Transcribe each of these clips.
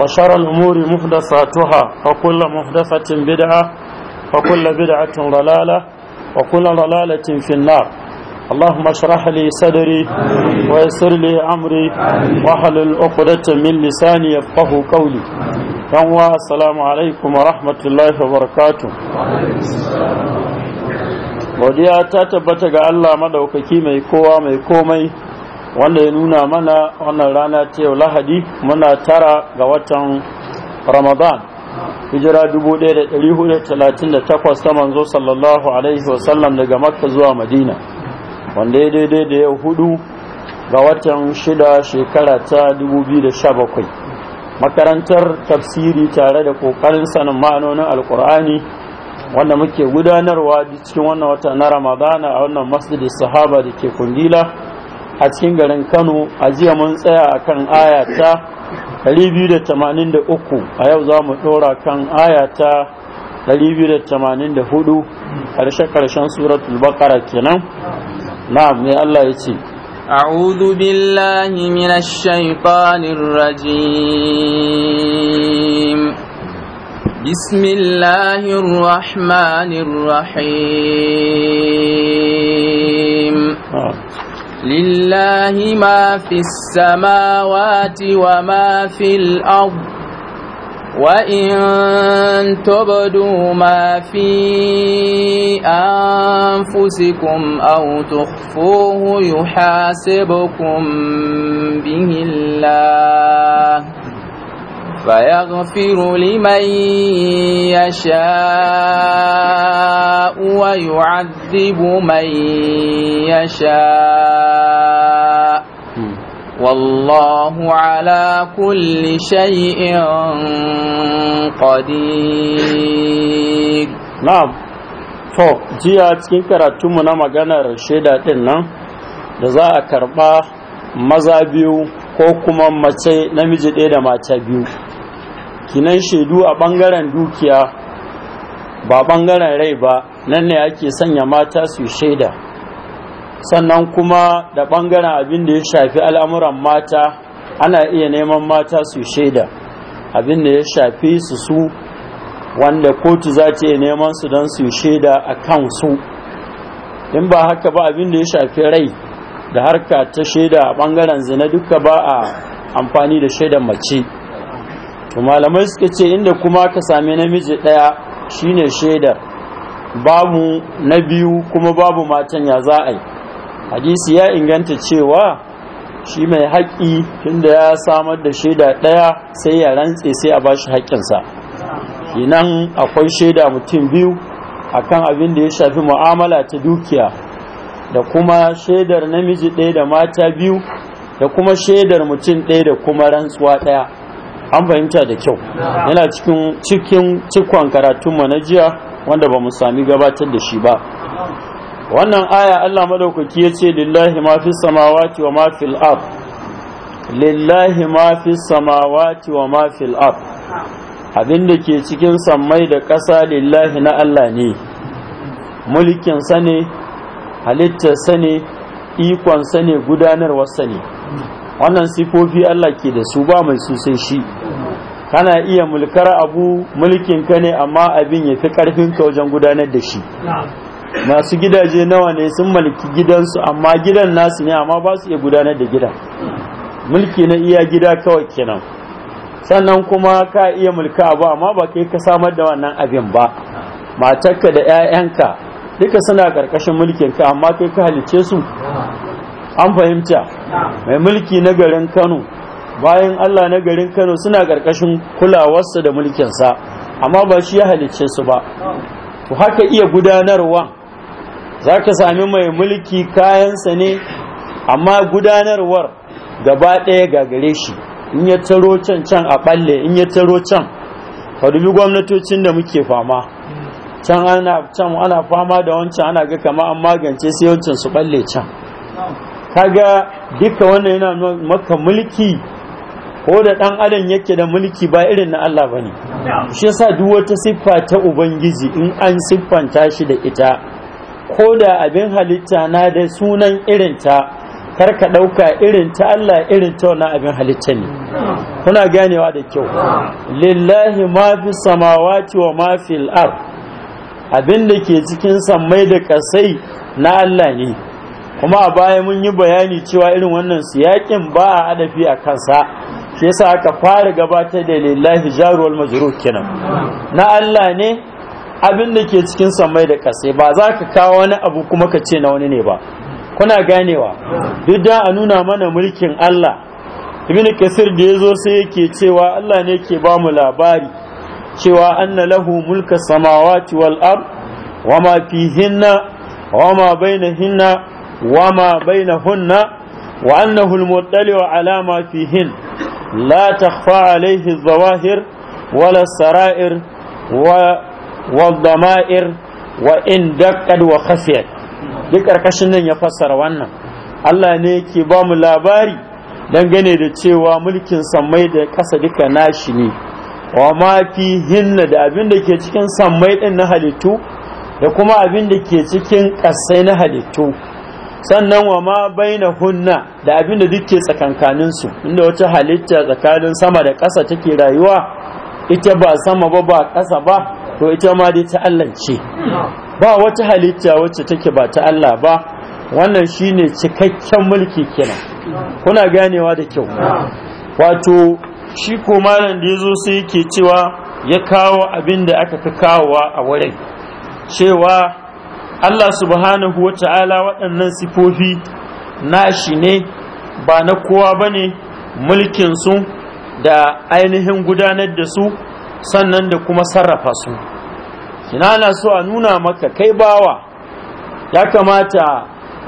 وشر الأمور محدثاتها وكل محدثة بدعة وكل بدعة ضلالة وكل ضلالة في النار اللهم اشرح لي صدري ويسر لي أمري واحلل عقدة من لساني يفقه قولي يوم السلام عليكم ورحمة الله وبركاته godiya ta tabbata ga Allah madaukaki mai kowa mai komai wanda ya nuna mana wannan rana ta yau lahadi muna tara ga watan ramadan hijira 1438 ta manzo sallallahu alaihi wasallam daga makka zuwa madina wanda ya daidai da yau hudu ga watan shida shekara ta 2017 makarantar tafsiri tare da kokarin sanin ma'anonin alkur'ani wanda muke gudanarwa cikin wannan wata na ramadana a wannan masjidin sahaba da ke kungila a cikin garin Kano a jiya mun tsaya a kan ayata 283 a yau za mu ɗora kan ayata 284 ƙarshe-ƙarshen suratul baqara kenan na'am ne Allah ya ce أعوذ بالله من الشيطان الرجيم بسم الله الرحمن الرحيم لله ما في السماوات وما في الأرض وإن تبدوا ما في أنفسكم أو تخفوه يحاسبكم به الله فيغفر لمن يشاء ويعذب من يشاء والله على كل شيء قدير نعم to jiya cikin karatunmu na maganar shaida din nan da za a karɓa maza biyu ko kuma mace namiji ɗaya da mata biyu kinan shaidu a ɓangaren dukiya ba ɓangaren rai ba nan ne ake sanya mata su shaida sannan kuma da ɓangaren abin da ya shafi al'amuran mata ana iya neman mata su shaida abin da ya shafi su su wanda kotu za ta iya neman su don su shaida a kan su in ba haka ba abin da ya shafi rai da harka ta shaida a ɓangaren zina duka ba a amfani da shaidan mace to malamai suka ce inda kuma ka sami namiji ɗaya shine shaidar babu na biyu kuma babu matan ya za a yi hadisi ya inganta cewa shi mai haƙƙi tunda ya samar da shaida ɗaya sai ya rantse sai a bashi haƙƙinsa inan akwai shaida mutum biyu akan abin da ya shafi mu'amala ta dukiya da kuma shaidar namiji ɗaya da mata biyu da kuma shaidar mutum ɗaya da kuma rantsuwa ɗaya an fahimta da kyau yana cikin cikin cikon karatun na jiya wanda ba mu sami gabatar da shi ba wannan aya Allah madaukaki ya ce lillahi ma fi samawati wa ma fil ard lillahi ma fi samawati wa ma fil ard abin da ke cikin sammai da ƙasa lillahi na Allah ne mulkin sa ne halittar sa ne ikon sa ne gudanarwa sa ne wannan sifofi Allah ke da su ba mai su shi kana iya mulkar abu mulkin ka ne amma abin ya fi karfin ka wajen gudanar da shi masu gidaje nawa ne sun mulki gidansu amma gidan nasu ne amma ba su iya gudanar da gida mulki na iya gida kawai kenan sannan kuma ka iya mulka abu amma ba kai ka samar da wannan abin ba matarka da 'ya'yanka duka suna karkashin mulkin ka amma kai ka halice su an fahimta mai mulki na garin kano bayan Allah na garin Kano suna ƙarƙashin kulawarsa da mulkinsa amma ba shi ya halicce su ba ku haka iya gudanarwa za ka sami mai mulki kayansa ne amma gudanarwar gaba ɗaya gare shi in ya taro can can a ɓalle in ya taro can ka dubi gwamnatocin da muke fama can ana can ana fama da wancan ana ga kama an magance sai wancan su ɓalle can kaga duka wannan yana maka mulki ko da ɗan adam yake da mulki ba irin na Allah ba ne shi yasa duk wata siffa ta ubangiji in an siffanta shi da ita ko da abin halitta na da sunan irinta kar ka ɗauka irin ta Allah irin ta wannan abin halitta ne kuna ganewa da kyau lillahi ma fi samawati wa ma fil abin da ke cikin sammai da kasai na Allah ne kuma a baya mun yi bayani cewa irin wannan su siyakin ba a adafi a kansa shi yasa aka fara gabatar da lillahi jaruwal majruh kenan na Allah ne abin da ke cikin samai da kasai ba za ka kawo wani abu kuma ka ce na wani ne ba kuna ganewa duk da a nuna mana mulkin Allah ibn kasir da yazo sai yake cewa Allah ne yake ba mu labari cewa anna lahu mulka samawati wal ard wama fihinna wama bainahinna wama bainahunna wa annahu al-muttali ala ma fihinna لا تخفى عليه الظواهر ولا السرائر والضمائر وإن دقت وخفيت duk ƙarƙashin nan ya fassara wannan Allah ne yake ba mu labari dangane da cewa mulkin sammai da ƙasa duka nashi ne wa ma fi hinna da abin da ke cikin sammai ɗin na halittu da kuma abin da ke cikin ƙasai na halittu sannan wa ma baina hunna da abin da duke tsakankanin su inda wata halitta tsakanin sama da ƙasa take rayuwa ita ba sama ba ba ƙasa ba to ita ma dai ta Allah ba wata halitta wacce take ba ta Allah ba wannan shine cikakken mulki kenan kuna ganewa da kyau wato shi ko malam da yazo sai yake cewa ya kawo abin da aka kawowa a wurin cewa Allah subhanahu wa ta'ala waɗannan sifofi na shi ne ba na kowa ba ne mulkinsu da ainihin gudanar da su sannan da kuma sarrafa su Ina na so a nuna maka kai bawa ya kamata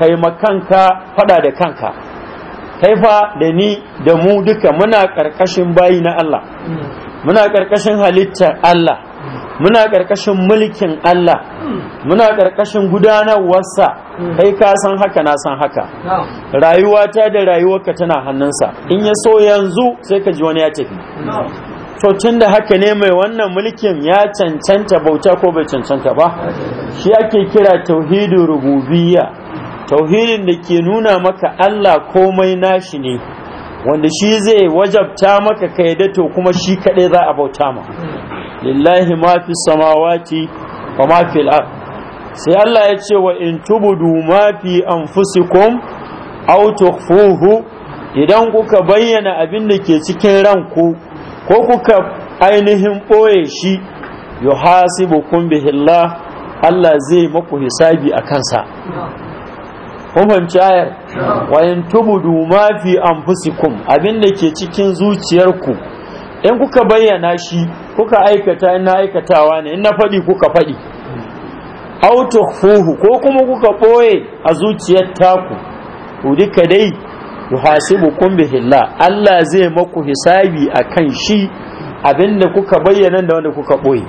kai makanka fada da kanka kai fa da ni da mu duka muna ƙarƙashin bayi na Allah muna ƙarƙashin halittar Allah muna ƙarƙashin mulkin Allah muna ƙarƙashin gudanarwarsa kai ka san haka na san haka rayuwata da rayuwarka tana hannunsa in ya so yanzu sai ka ji wani ya tafi to tun da haka ne mai wannan mulkin ya cancanta bauta ko bai cancanta ba shi ake kira tauhidin rububiyya tauhidin da ke nuna maka Allah komai nashi ne wanda shi zai wajabta maka ka yadda to kuma shi kaɗai za a bauta ma lillahi ma fi samawati wa ma fi al'ad sai Allah ya ce wa in tubudu ma fi anfusikum aw tukhfuhu idan kuka bayyana abin da ke cikin ranku ko kuka ainihin ɓoye shi yuhasibukum bihi Allah Allah zai maku hisabi a kansa. Kun ayar, wa in tubudu ma fi anfusikum da ke cikin zuciyarku in kuka bayyana shi kuka aikata ina aikatawa ne in na faɗi kuka faɗi fuhu ko kuma kuka ɓoye a zuciyar taku ku duka dai yuhasibu kun bihillah Allah zai maku hisabi a kan shi abinda kuka bayyana da wanda kuka ɓoye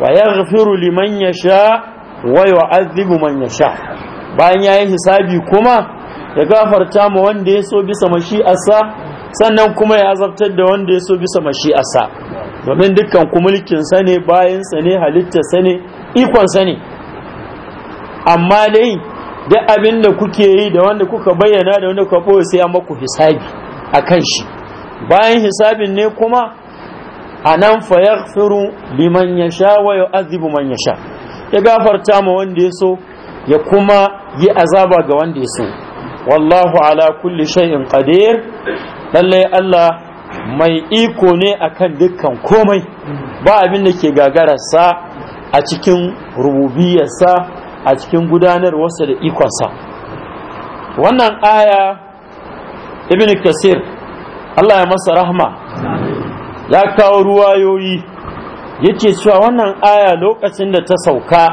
wa yaghfiru liman yasha wa yu'adhibu man yasha bayan yayi hisabi kuma ya gafarta ma wanda ya so bisa mashi'arsa sannan kuma ya azabtar da wanda ya so bisa mashi'arsa domin dukkan ku mulkinsa ne bayansa ne halittarsa ne ikonsa ne amma dai duk abin da kuke yi da wanda kuka bayyana da wanda kuka ɓoye sai ya maku hisabi a kan shi bayan hisabin ne kuma a nan fa ya liman ya sha wa ya azibu man ya sha ya gafarta ma wanda ya so ya kuma yi azaba ga wanda ya so wallahu ala kulli shay'in qadir lallai Allah mai iko ne akan dukkan komai ba abin da ke gagararsa a cikin rububiyarsa a cikin gudanarwarsa da ikonsa wannan aya ibn kasir Allah ya masa rahma ya kawo ruwayoyi yake cewa wannan aya lokacin da ta sauka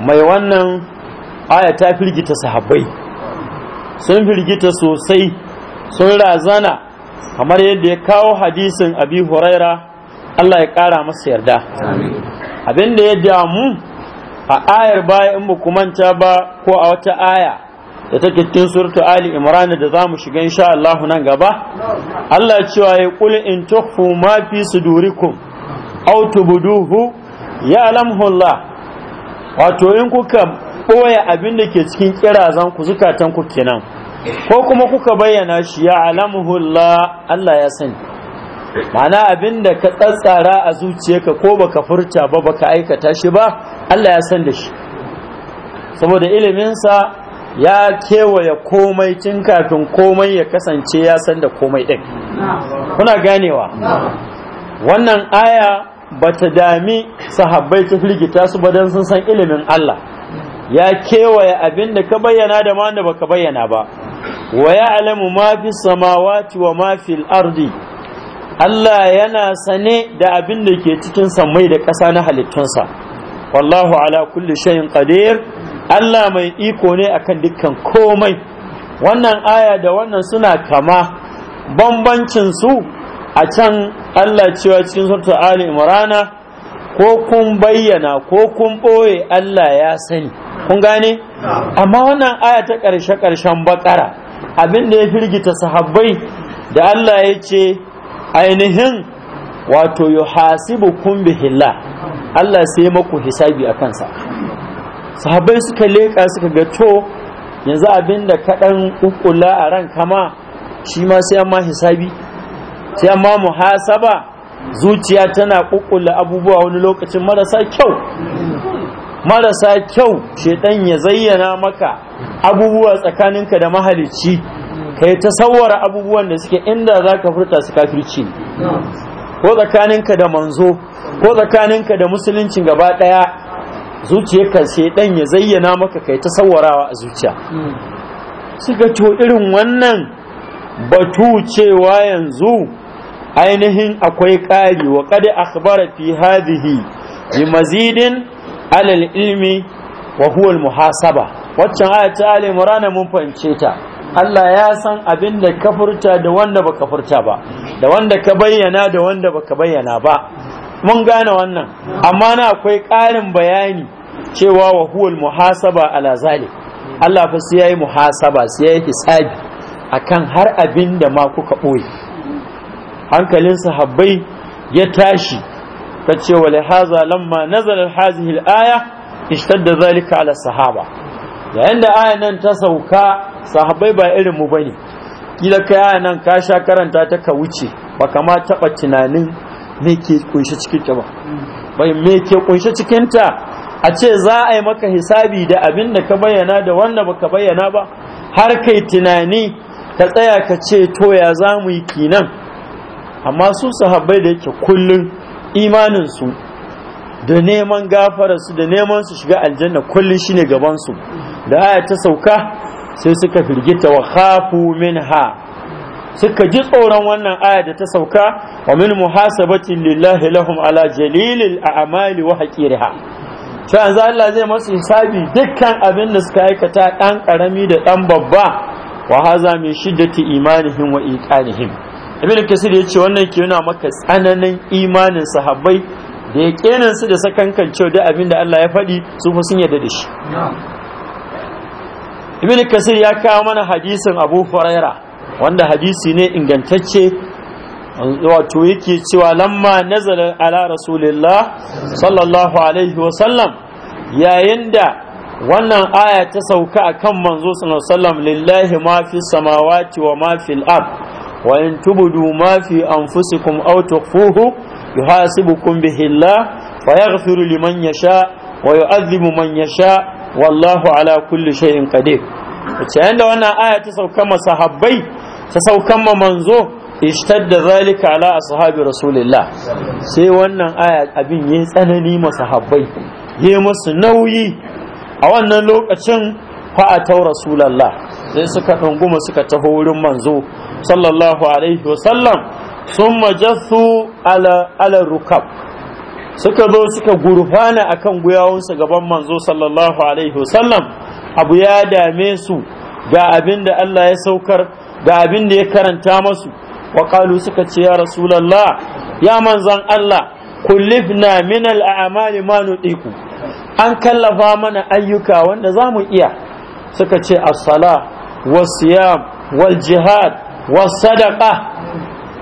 mai wannan aya ta firgita sahabbai sun firgita sosai sun razana kamar yadda ya kawo hadisin abi huraira Allah ya kara masa yarda abin da ya damu a ayar baya in ba manta ba ko a wata aya da take cikin surtu ali imran da za mu shiga insha Allah nan gaba Allah cewa ya kula in tukhfu ma fi sudurikum aw tubduhu yalamhu Allah wato in kuka boye abin da ke cikin kirazan ku zukatan ku kenan ko kuma kuka bayyana shi ya alamuhullah Allah ya sani ma'ana abin da ka tsatsara a zuciyarka ko baka furta ba baka aikata shi ba Allah ya san da shi saboda iliminsa ya kewaye komai tun kafin komai ya kasance ya san da komai ɗin kuna ganewa wannan aya ba ta dami sahabbai ta firgita su ba don sun san ilimin Allah ya kewaye abin da ka bayyana da ma da baka bayyana ba Waya alamu mafi fi samawati wa ma fil ardi Allah yana sane da abin da ke cikin mai da ƙasa na halittunsa wallahu ala kulli shay'in qadir Allah mai iko ne akan dukkan komai wannan aya da wannan suna kama bambancin su a can Allah cewa cikin suratul Ali Imrana ko kun bayyana ko kun ɓoye Allah ya sani kun gane amma wannan aya ta ƙarshe ƙarshen bakara abin da ya firgita sahabbai da Allah ya ce ainihin wato yuhasibu kun bihilla Allah sai maku hisabi a kansa sahabbai suka leƙa suka ga to yanzu abinda da kaɗan ƙuƙula a ran kama shi ma sai amma hisabi sai amma muhasaba zuciya tana ƙuƙula abubuwa wani lokacin marasa kyau marasa kyau shedan ya zayyana maka abubuwa tsakaninka da mahalicci kai ta sawara abubuwan da suke inda za ka furta su kafirci ko tsakaninka da manzo ko tsakaninka da musulunci gaba ɗaya zuciyarka shedan ya zayyana maka kai ta sawarawa a zuciya suka to irin wannan batu cewa yanzu ainihin akwai ƙari wa qad akhbara fi hadhihi bi mazidin alal ilmi wa huwa al muhasaba waccan aya ta ali murana mun fahimce ta Allah ya san abin da ka furta da wanda baka furta ba da wanda ka bayyana da wanda baka bayyana ba mun gane wannan amma na akwai ƙarin bayani cewa wa huwa al muhasaba ala zalik Allah fa sai yayi muhasaba sai yayi hisabi akan har abin da ma kuka ɓoye hankalin sahabbai ya tashi ta ce wa lihaza lamma nazalar hazihi aya ishtadda zalika ala sahaba yayin da ayan nan ta sauka sahabbai ba irin mu bane kila kai ayan nan ka sha karanta ta ka wuce ba kama taba tunanin me ke kunshe cikin ta ba bai me ke kunshe cikin ta a ce za a yi maka hisabi da abin da ka bayyana da wanda baka bayyana ba har kai tunani ka tsaya ka ce to ya za mu yi kinan amma su sahabbai da yake kullun imaninsu da neman gafara su da neman su shiga aljanna kullun shine gaban su da aya ta sauka sai suka firgita wa khafu minha suka ji tsoron wannan aya da ta sauka wa min muhasabati lillahi lahum ala jalilil a'mali wa haqiriha sai an Allah zai masu hisabi dukkan abin da suka aikata dan karami da dan babba wa haza min shiddati imanihim wa iqanihim ibn kasir ya ce wannan ke nuna maka tsananin imanin sahabbai da ya kenan su da sakankan cewa da abin da Allah ya faɗi su fa sun yarda da shi ibn kasir ya kawo mana hadisin abu huraira wanda hadisi ne ingantacce wato yake cewa lamma nazala ala rasulillah sallallahu alaihi wa sallam yayin da wannan aya ta sauka akan manzo sallallahu alaihi wa sallam lillahi ma fi samawati wa ma fil ard wa in tubudu ma fi anfusikum aw tukhfuhu yuhasibukum bihi Allah wa yaghfiru liman yasha wa yu'adhibu man yasha wallahu ala kulli shay'in qadir ce yanda wannan aya ta sauka ma sahabbai ta sauka ma manzo ishtadda zalika ala ashabi rasulillah sai wannan aya abin yayi tsanani ma sahabbai yayi musu nauyi a wannan lokacin fa atau rasulullah sai suka ɗunguma suka taho wurin manzo sallallahu alaihi wasallam sun majassu ala rukab suka zo suka gurfana akan gwiwawunsu gaban manzo sallallahu alaihi wasallam abu ya dame su ga abin da Allah ya saukar ga abin da ya karanta masu waƙalu suka ce ya rasulallah ya manzan Allah kullifna min al'amali ma nuɗiku an kallafa mana ayyuka wanda za mu iya suka ce as salah. wasiyam wal jihad was sadaqa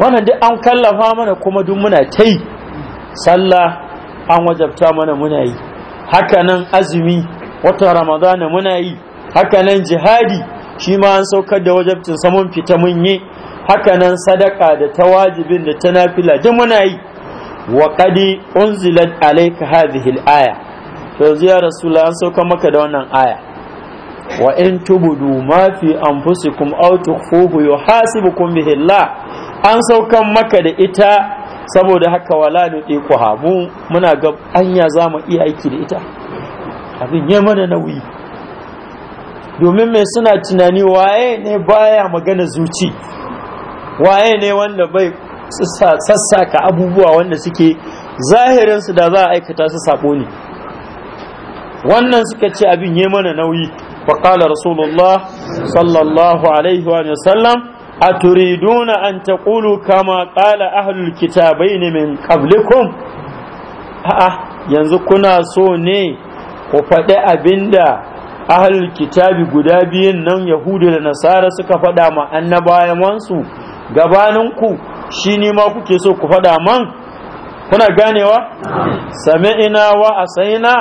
wannan duk an kallafa mana kuma duk muna ta yi sallah an wajabta mana muna yi hakanan azumi watan ramadana muna yi hakanan jihadi shi ma an saukar da wajabcin samun fita mun yi hakanan sadaka da ta wajibin da ta nafila duk muna yi wa qadi alaika alayka hadhihi aya to ya rasulullah an saukar maka da wannan aya wa in tubudu ma fi anfusikum aw tukhfuhu yuhasibukum bihi Allah an saukan maka da ita saboda haka wala ku mu muna ga anya zamu iya aiki da ita abin ya mana nauyi domin mai suna tunani waye ne baya magana zuci waye ne wanda bai sassaka abubuwa wanda suke zahirinsu da za a aikata su sabo ne wannan suka ce abin ya mana nauyi فقال رسول الله صلى الله عليه وسلم أتريدون أن تقولوا كما قال أهل الكتابين من قبلكم yanzu kuna so ne ku faɗi abin da ahalul kitabi guda biyun nan yahudu da nasara suka faɗa ma annabawansu gabaninku shi ni ma kuke so ku faɗa man kuna ganewa same ina wa asaina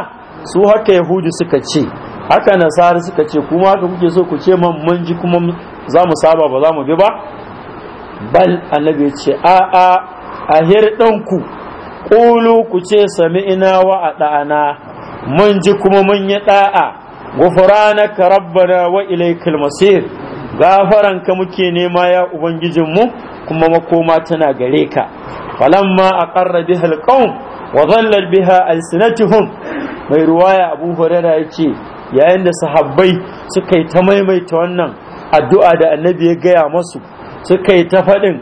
su haka yahudu suka ce haka nasara suka ce kuma haka kuke so ku ce man mun ji kuma za mu saba ba za mu bi ba bal annabi ce a a ahir ɗanku ƙulu ku ce sami'ina wa a ɗa'ana mun ji kuma mun yi ɗa'a gufuranaka rabbana wa ilaikal masir gafaranka muke nema ya ubangijinmu kuma makoma tana gare ka falamma aqarra biha alqawm wa dhallat biha alsinatuhum mai ruwaya abu hurairah yace yayin da sahabbai suka yi ta maimaita wannan addu'a da annabi ya gaya masu suka yi ta faɗin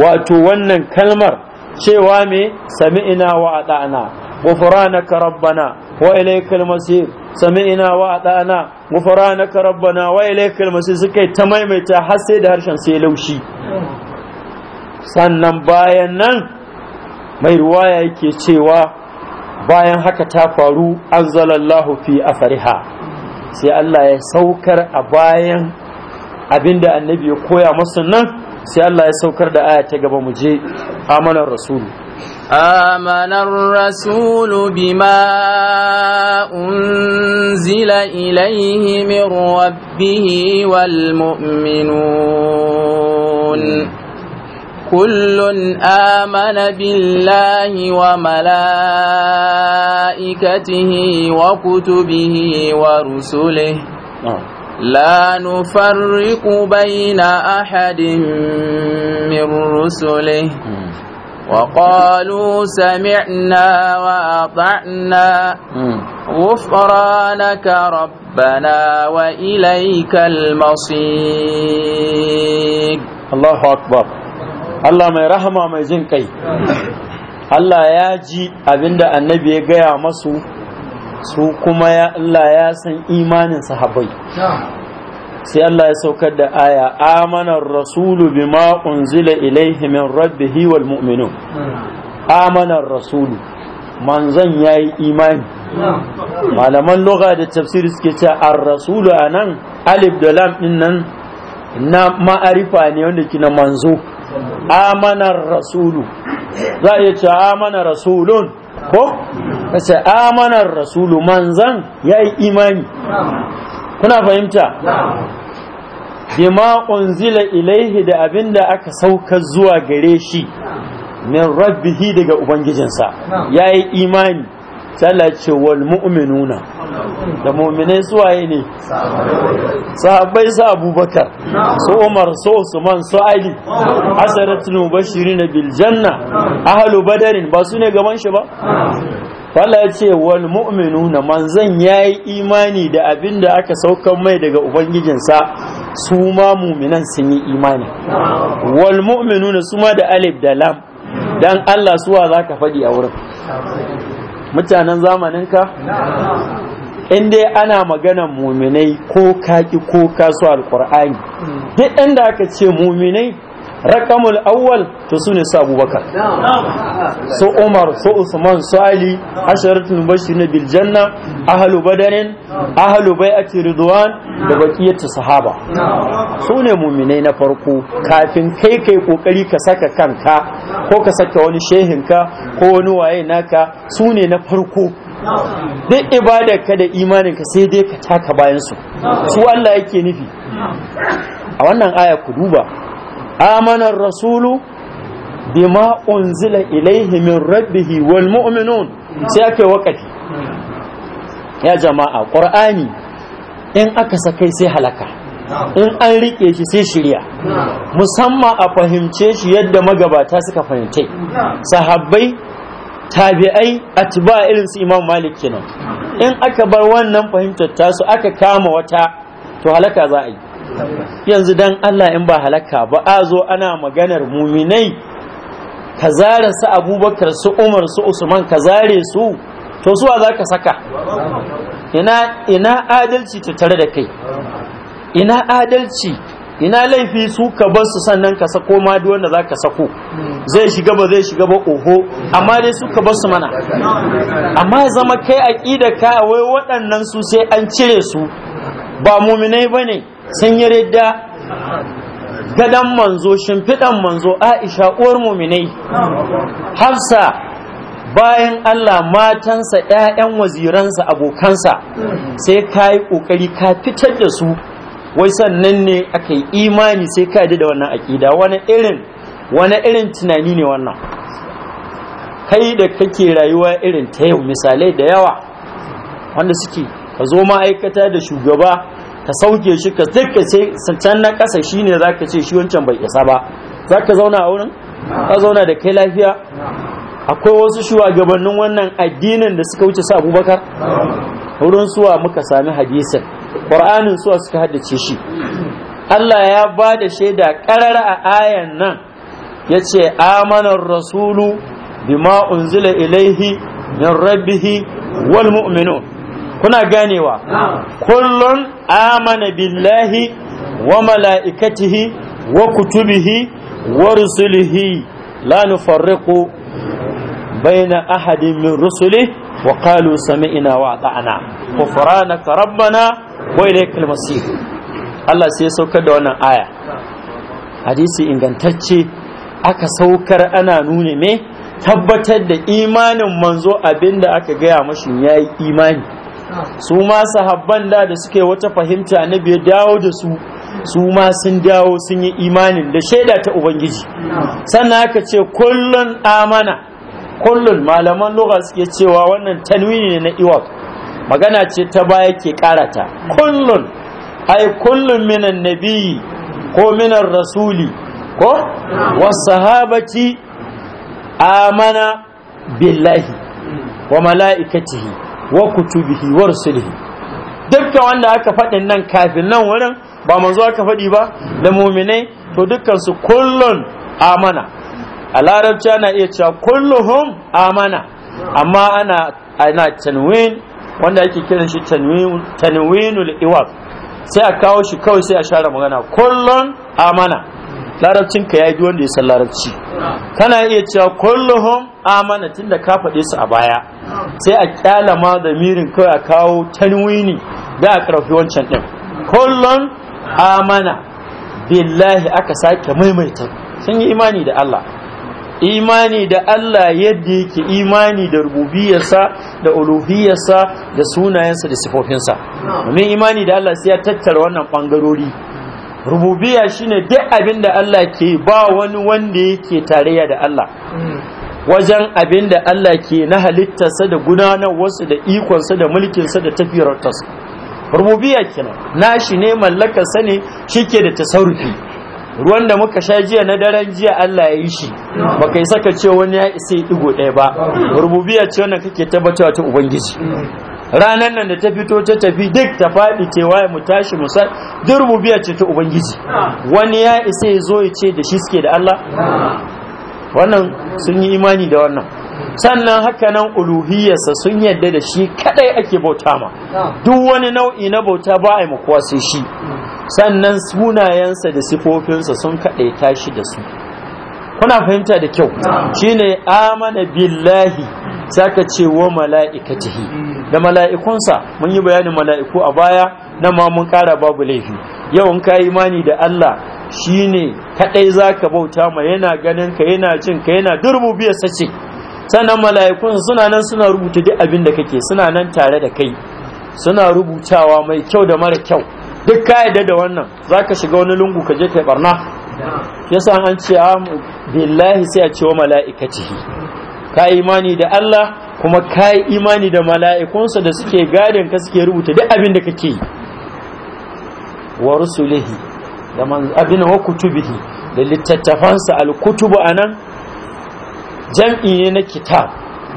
wato wannan kalmar cewa me sami'ina wa ata'na غفرانك ربنا وإليك wa ilaikul وأطعنا suka yi ta maimaita har sai da harshen sai laushi. sannan bayan nan mai ruwaya yake cewa bayan haka ta faru an zalallahu fi fariha. sai Allah ya saukar a bayan abinda annabi ya koya masu nan sai Allah ya saukar da aya ta gaba mu je amanar rasulu bima unzila ilaihi min rabbihi wal mu'minun كل آمن بالله وملائكته وكتبه ورسله نعم. لا نفرق بين أحد من رسله وقالوا سمعنا وأطعنا غفرانك ربنا وإليك المصير الله أكبر Allah mai rahama mai jin kai Allah ya ji abinda annabi ya gaya masu su kuma ya Allah ya san imanin sahabbai sai Allah ya saukar da aya amanar rasulu bi ma unzila ilaihi min rabbihi wal mu'minun amanar rasulu manzon yayi imani malaman lugha da tafsiri suke cewa ar-rasulu anan alif da lam din nan na ma'arifa ne wanda kina manzo amanar rasulu za a iya ce amanar rasulun ko sai amanar rasulu manzan ya yi imani kuna fahimta bima unzila ilaihi da abin da aka sauka zuwa gare shi min rabbihi daga ubangijinsa ya yi imani Allah ce wal mu'minuna da mu'minai waye ne sahabbai su abubakar su umar su usman su ali asaratu mubashirin bil janna ahlu badarin ba su ne gaban shi ba Allah ya ce wal mu'minuna zan yayi imani da abin da aka saukan mai daga ubangijinsa su ma mu'minan sun yi imani wal mu'minuna su ma da alif da lam dan Allah suwa zaka faɗi a wurin mutanen zamaninka in dai ana maganan muminai ko kaki ko kasu alƙur'ani, duk inda aka ce muminai rakamul awwal to sune ne su abubakar su umar su usman su ali asharatul bashir na biljanna ahalu badarin ahalu bai'ati ridwan da baqiyatu sahaba sune ne muminai na farko kafin kai kai kokari ka saka kanka ko ka saka wani shehinka ko wani waye naka su ne na farko duk ibadarka da ka sai dai ka taka bayan su su Allah yake nufi a wannan aya ku duba amanar rasulu bima unzila ilaihi min rabbihi wal mu'minun sai aka wakati ya jama'a qur'ani in aka sakai sai halaka in an riƙe shi sai shirya musamman a fahimce shi yadda magabata suka fahimce sahabbai tabi'ai tuba irin su imam malik kenan in aka bar wannan fahimtar tasu aka kama wata to halaka za a yi yanzu dan Allah in ba halaka ba a zo ana maganar muminai ka zare su abubakar su umar su usman ka zare su to suwa za ka saka ina adalci ta tare da kai ina adalci ina laifi su ka bar su sannan ka sako ma duk wanda za ka sako zai shiga ba zai shiga ba oho amma dai su ka bar su mana amma ya zama kai aƙida ka wai waɗannan su sai an cire su ba muminai ba ne sun yi ridda gadan manzo shimfiɗan manzo aisha uwar muminai hafsa bayan Allah matansa ‘ya'yan waziransa abokansa sai ka yi ƙoƙari ka fitar da su wai sannan ne aka yi imani sai ka da wannan aƙida wani irin wani irin tunani ne wannan kai da kake rayuwa irin ta yau misalai da yawa wanda suke ka zo ma'aikata da shugaba ka sauke shi ka duka sai can na ƙasa ne za ka ce shi wancan bai isa ba za ka zauna a wurin ka zauna da kai lafiya akwai wasu shugabannin wannan addinin da suka wuce su abubakar wurin suwa muka sami hadisin ƙur'anin suwa suka haddace shi Allah ya ba da shaida ƙarar a ayan nan ya ce amanar rasulu bima unzila ilaihi min rabbihi wal mu'minun kuna ganewa kullun amana billahi wa mala'ikatihi wa kutubihi wa rusulihi la nufarriqu baina ahadin min rusuli wa qalu sami'na wa ata'na rabbana wa ilaikal masir Allah sai ya saukar da wannan aya hadisi ingantacce aka saukar ana nune me tabbatar da imanin manzo abinda aka gaya mashi yayi imani su ma sahabban da da suke wata fahimta na ya dawo da su su ma sun dawo sun yi imanin da shaida ta ubangiji sannan aka ce kullun amana kullun malaman lugha suke cewa wannan tanwini ne na iwaq magana ce ta baya ke karata kullun ai kullun minan nabiyyi ko minan rasuli ko wasahabati amana billahi wa mala'ikatihi wa kutubihi wa rusulihi dukkan wanda aka faɗin nan kafin nan wurin ba manzo aka faɗi ba da muminai to dukkan su kullun amana a larabci ana iya cewa kulluhum amana amma ana ana tanwin wanda ake kiran shi tanwinul iwak sai a kawo shi kawai sai a share magana kullun amana larabcin ka yaji wanda ya san larabci kana iya cewa kulluhum amana tunda ka faɗe su a baya sai a kyala ma da mirin kawai a kawo tanwini da a karfi wancan din kullun amana billahi aka sake maimaita sun yi imani da Allah imani da Allah yadda yake imani da rububiyarsa da uluhiyarsa da sunayensa da sifofinsa domin imani da Allah sai ya tattara wannan bangarori rububiya shine duk abin da Allah ke ba wani wanda yake tarayya da Allah wajen abin da Allah ke na halittarsa da wasu da ikonsa da mulkinsa da tafiyarsa rububiya kenan nashi ne mallakarsa ne shike da tasarrufi ruwan da muka sha jiya na daren jiya Allah ya yi shi ba kai saka ce wani ya isa digo ɗaya ba rububiya ce wannan kake tabbatawa ta ubangiji Ranan nan da ta fito ta tafi duk ta faɗi ce waye mu tashi mu sa duk rububiya ce ta ubangiji wani ya isa ya zo ya ce da shi suke da Allah wannan sun yi imani da wannan sannan haka nan uluhiyarsa sun yadda da shi kadai ake bauta ma duk wani nau'i na bauta ba a yi makuwa sai shi sannan sunayensa da sifofinsa sun kadaita tashi da su kuna fahimta da kyau shine amana billahi saka ce wa mala'ikatihi da mala'ikunsa mun yi bayanin mala'iku a baya nan ma mun kara babu laifi yau in ka imani da Allah shine kadai zaka bauta ma yana ganin ka yana cin ka yana biyar sace? sannan mala'ikun suna nan suna rubuta duk abin da kake suna nan tare da kai suna rubutawa mai kyau da mara kyau duk ka yadda da wannan za ka shiga wani lungu ka je ka barna Ya yasa an ce ah, billahi sai a ce wa mala'ikatihi ka imani da Allah kuma ka yi imani da mala'ikunsa da suke gadin ka suke rubuta duk abin da kake wa rusulihi da abin wa kutubihi da littattafansa al-kutubu anan jam'i ne na kitab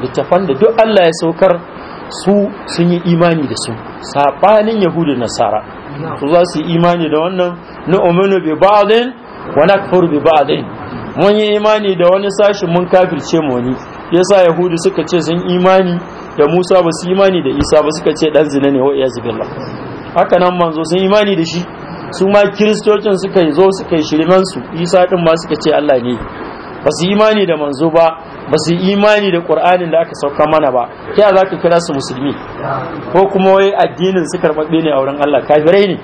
littafan da duk Allah ya saukar su sun yi imani da su saɓanin yahudu nasara su za su yi imani da wannan na umarnu bi ba'adin wa nakfur bi ba'adin mun yi imani da wani sashen mun kafirce mu wani yasa yahudu suka ce sun imani da musa ba su imani da isa ba suka ce dan zina ne wa iya zubilla haka nan manzo sun imani da shi su ma kiristocin suka yi zo suka yi shirmansu isa din ma suka ce allah ne ba su imani da manzo ba ba su imani da qur'anin da aka sauka mana ba ya za ka kira su musulmi ko kuma wai addinin su karɓaɓɓe ne a wurin Allah kafirai ne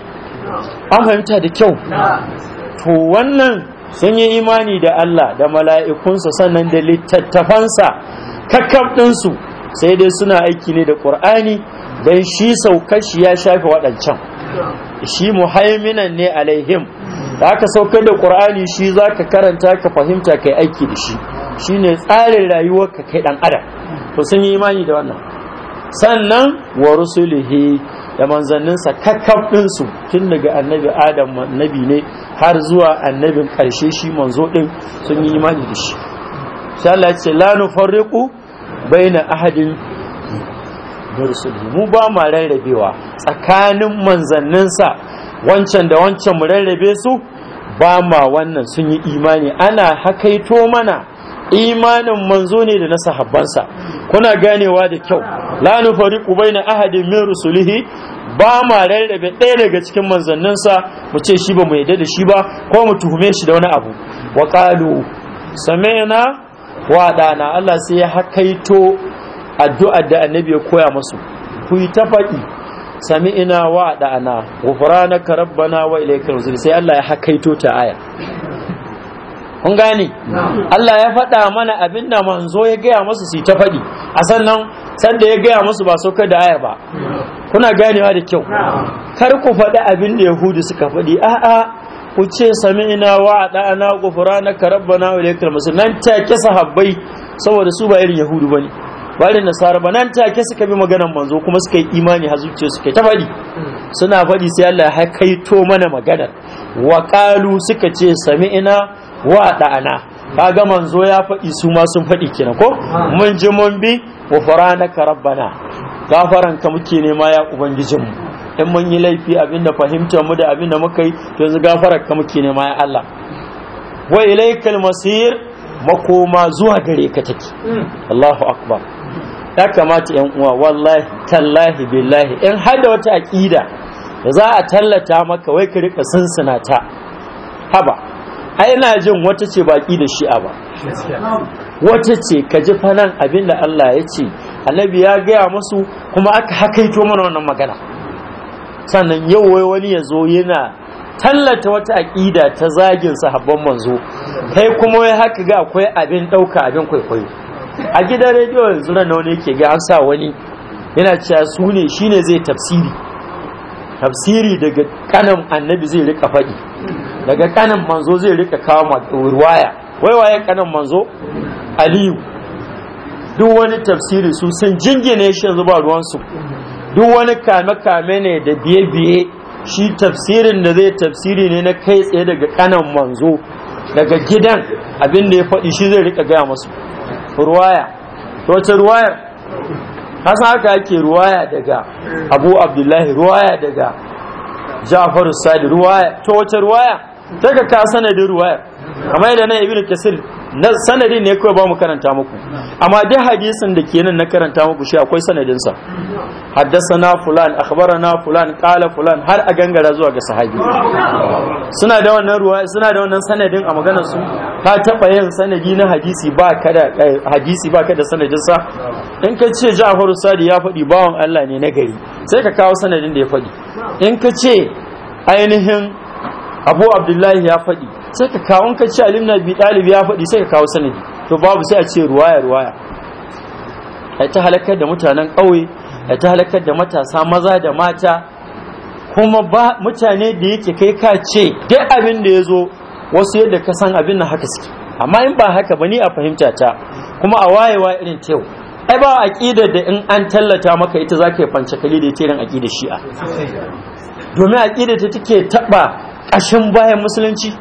an fahimta da kyau to wannan sun yi imani da Allah da mala'ikunsa sannan da littattafansa kakkaf ɗinsu sai dai suna aiki ne da ƙur'ani don shi saukar shi ya shafe waɗancan shi muhaiminan ne alaihim da aka saukar da ƙur'ani shi zaka karanta ka fahimta kai aiki da shi shine tsarin ka kai dan adam to sun yi imani da wannan sannan wa rusulihi da manzanninsa kakkaf ɗinsu tun daga annabi adam annabi ne har zuwa annabin ƙarshe shi manzo ɗin sun yi imani da shi Allah ce la nufarriqu baina ahadin da rusulihi mu ba ma rarrabewa tsakanin manzanninsa wancan da wancan mu rarrabe su ba ma wannan sun yi imani ana hakaito mana imanin manzo ne da na sahabbansa kuna ganewa da kyau la nufariqu baina ahadin min rusulihi ba ma rarrabe ɗaya daga cikin manzanninsa mu ce shi ba mu yadda da shi ba ko mu tuhume shi da wani abu wa qalu sami'na wa dana Allah sai ya hakaito addu'ar da annabi ya koya musu ku yi ta faɗi sami'ina wa da'ana ghufranaka rabbana wa ilaikal nusur sai Allah ya hakaito ta aya kun gane Allah ya faɗa mana abin da manzo ya gaya musu su ta faɗi a sannan sanda ya gaya musu ba so da aya ba kuna ganewa da kyau kar ku faɗi abin da yahudu suka faɗi a'a ku ce sami'ina wa da'ana ghufranaka rabbana wa ilaikal nusur nan take sahabbai saboda su ba irin yahudu bane barin nasara ba nan take suka bi maganar manzo kuma suka yi imani har zuciya suka ta faɗi suna faɗi sai Allah ya kaito mana maganar wa qalu suka ce sami'ina wa da'ana kaga manzo ya faɗi su ma sun faɗi kina ko mun ji mun bi wa faranaka rabbana ka muke nema ya ubangijinmu in mun yi laifi abinda fahimtar mu da abinda muka yi to yanzu gafaran ka muke nema ya Allah wa ilaikal masir makoma zuwa gare ka take hmm. Allahu akbar ya kamata yan uwa wallahi tallahi billahi in har da wata aƙida da za a tallata maka wai ka rika sunsuna ta haba ai ina jin wata ce baki da shi'a ba wata ce ka ji fanan abin da Allah ya ce annabi ya gaya musu kuma aka hakaito mana wannan magana sannan yau wai wani ya zo yana tallata wata aƙida ta zagin sahabban manzo kai kuma wai haka ga akwai abin ɗauka abin kwaikwayo a gidan rediyo yanzu nan wani ke ga an sa wani yana cewa su ne shine zai tafsiri tafsiri daga kanan annabi zai rika faɗi daga kanan manzo zai rika kawo ruwaya wai waye kanan manzo aliyu duk wani tafsiri su sun jingine shi yanzu ba ruwansu duk wani kame-kame ne da biye-biye shi tafsirin da zai tafsiri ne na kai tsaye daga kanan manzo daga gidan abin da ya faɗi shi zai rika gaya masu ruwaya to wace ruwayar hasa haka ake ruwaya daga abu abdullahi ruwaya daga ja'far sadi ruwaya to wace ruwaya ta ka sanadin ruwayar amma da nan ibnu kasir na sanadin ne kawai ba mu karanta muku amma dai hadisin da ke nan na karanta muku shi akwai sanadinsa Haddasa fulan akhbarana fulan qala fulan har a gangara zuwa ga sahabi suna da wannan ruwa suna da wannan sanadin a maganar su ka taba yin sanadi na hadisi ba kada eh, hadisi ba kada sanadin sa in ka ce Ja'far Sadi ya faɗi bawan Allah ne na gari sai ka kawo sanadin da ya faɗi in ka ce ainihin abu abdullahi ya faɗi sai ka kawo ka ce alim na bi ɗalib ya faɗi sai ka kawo sanadi to babu sai a ce ruwaya ruwaya a ta halakar da mutanen ƙauye a ta halakar da matasa maza da mata kuma ba mutane da yake kai ka ce duk abin da ya zo wasu yadda ka san abin na haka suke amma in ba haka ba ni a fahimta ta kuma a wayewa irin ta yau ai ba aqida da in an tallata maka ita zaka yi fancakali da ita irin shi'a domin aqida ta take taɓa. ƙashin bayan musulunci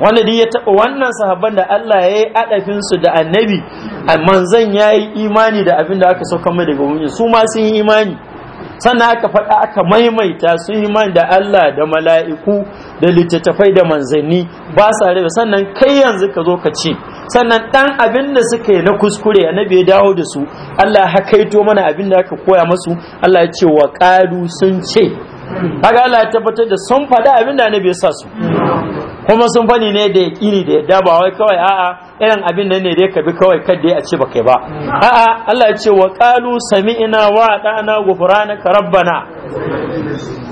wanda duk ya taɓa wannan sahabban da Allah ya yi adafin su da annabi manzan ya yi imani da abin da aka sauka mai daga wuni su ma sun yi imani sannan aka faɗa aka maimaita sun yi imani da Allah da mala'iku da littattafai da manzanni ba sa rabe sannan kai yanzu ka zo ka ce sannan ɗan abin da suka yi na kuskure annabi ya dawo da su Allah ya hakaito mana abin da aka koya masu Allah ya ce wa sun ce kaga Allah ya tabbatar da sun faɗa abin da annabi ya sa su kuma sun fani ne da yaƙini da yadda ba wai kawai a'a irin abin da ne dai ka bi kawai kad dai a ce ba ba a'a Allah ya ce wa qalu sami'na wa ata'na ghufranaka rabbana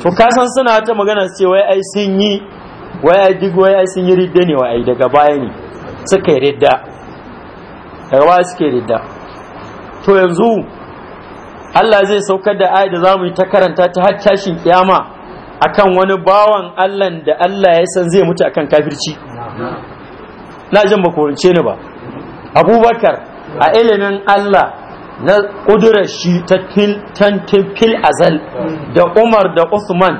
to ka san suna ta magana ce wai ai sun yi wai ai wai ai sun yi ridda ne wai daga baya ne suka yi ridda daga baya yi ridda to yanzu Allah zai saukar da ayat da mu yi ta karanta ta har tashin kiyama akan wani bawan Allah da Allah ya san zai mutu akan kafirci na jin ba korance ni ba Abubakar a ilimin Allah na kudurar shi ta fil azal da Umar da Usman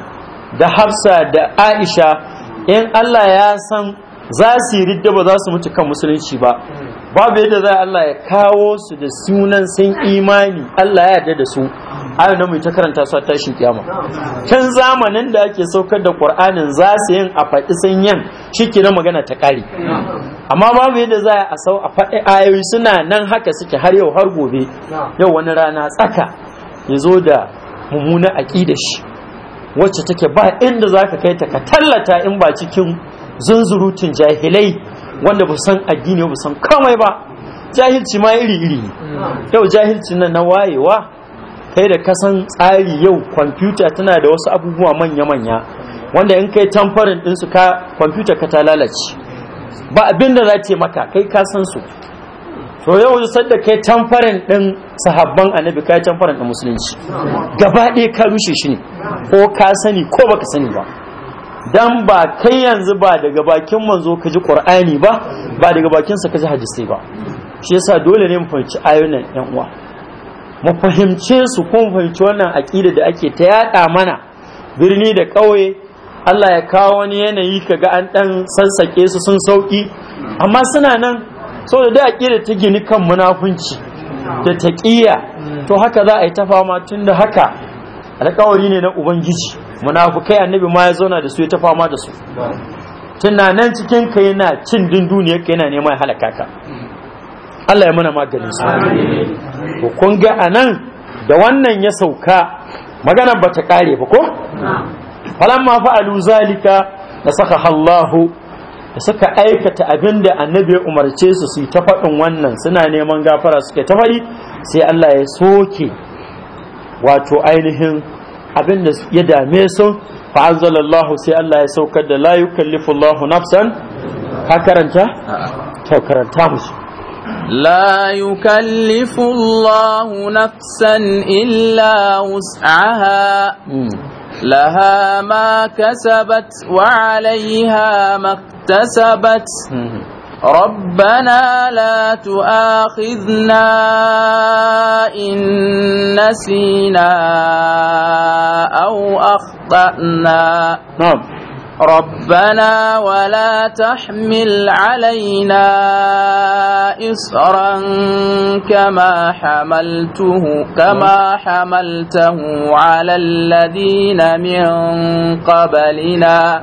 da Hafsa da Aisha in Allah ya san za su yi ridda ba za su mutu kan musulunci ba babu yadda za Allah ya kawo su da sunan san imani Allah ya yarda da su ayo na mu ta karanta su a tashin kiyama kan zamanin da ake saukar da Qur'anin za su yin a faɗi san yan na magana ta ƙare amma babu yadda za a sau a faɗi ayoyi suna nan haka suke har yau har gobe yau wani rana tsaka ya zo da mummuna aƙidar shi wacce take ba inda za ka kai ta ka tallata in ba cikin zunzurutun jahilai wanda ba san addini ba san kamai ba jahilci ma iri iri yau jahilci nan na wayewa kai da kasan tsari yau kwamfuta tana da wasu abubuwa manya manya wanda in kai tamfarin ɗinsu ka kwamfuta ka ta lalace ba abin da za ta maka kai ka san su to yau sadda kai tamfarin ɗin sahabban annabi kai tamfarin ɗin musulunci gaba ɗaya ka rushe shi ne ko ka sani ko baka sani ba dan ba kai yanzu ba daga bakin manzo ka ji qur'ani ba ba daga bakin sa ka ji hadisi ba shi yasa dole ne mu fahimci ayoyin yan uwa mu fahimce su kun fahimci wannan aqida da ake ta yada mana birni da ƙauye Allah ya kawo wani yanayi kaga an dan sansake su sun sauki amma suna nan saboda da aqida ta gini kan munafunci da taqiya to haka za a yi ta fama tunda haka alƙawari ne na ubangiji munafukai annabi ma ya zauna da su ya ta fama da su tunanan cikin ka yana cin dunduniyar ka yana neman halaka ka Allah ya muna maganin su to kun ga anan da wannan ya sauka maganar ba ta kare ba ko ma fa'alu zalika da saka Allahu da suka aikata abin da annabi ya umarce su su ta faɗin wannan suna neman gafara suke ta faɗi sai Allah ya soke wato ainihin abin da ya dame su fa sai Allah ya saukar da la yukallifu nafsan ka karanta ta karanta musu لا يكلف الله نفسا إلا وسعها لها ما كسبت وعليها ما اكتسبت ربنا لا تؤاخذنا إن نسينا أو أخطأنا نعم ربنا ولا تحمل علينا إصرا كما حملته كما حملته على الذين من قبلنا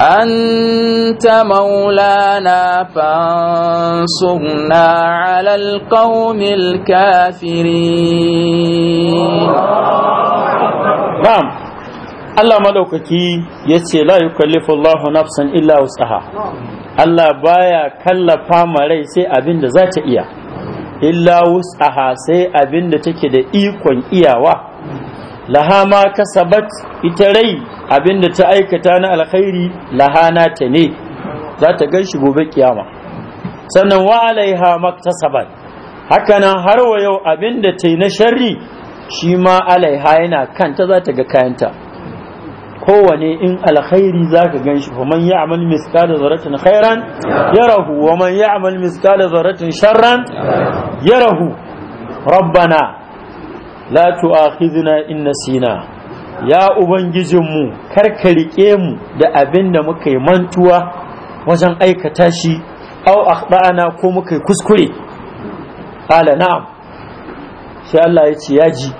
أنت مولانا فانصرنا على القوم الكافرين نعم الله مدوككي يتي لا يكلف الله نفسا إلا وسعها Allah baya kallafa ma rai sai abin da za ta iya illa wus'aha sai abinda da take da ikon iyawa Lahama, kasabat ita rai abinda ta aikata na alkhairi lahana ta ne za ta gan shi gobe kiyama sannan wa alaiha maktasabat hakanan har wa yau abinda ta yi na sharri shi ma alaiha yana kanta za ta ga kayanta kowane in alkhairi za ka gan shi man ya amal da zaratin khairan ya rahu wa man ya amal da zaratin sharran ya rahu rabbana la tu'akhidhna in nasina ya ubangijinmu ka riƙe mu da abin da muka yi mantuwa wajen aikata shi au akhda'ana ko muka yi kuskure ala na'am shi Allah ya ce yaji.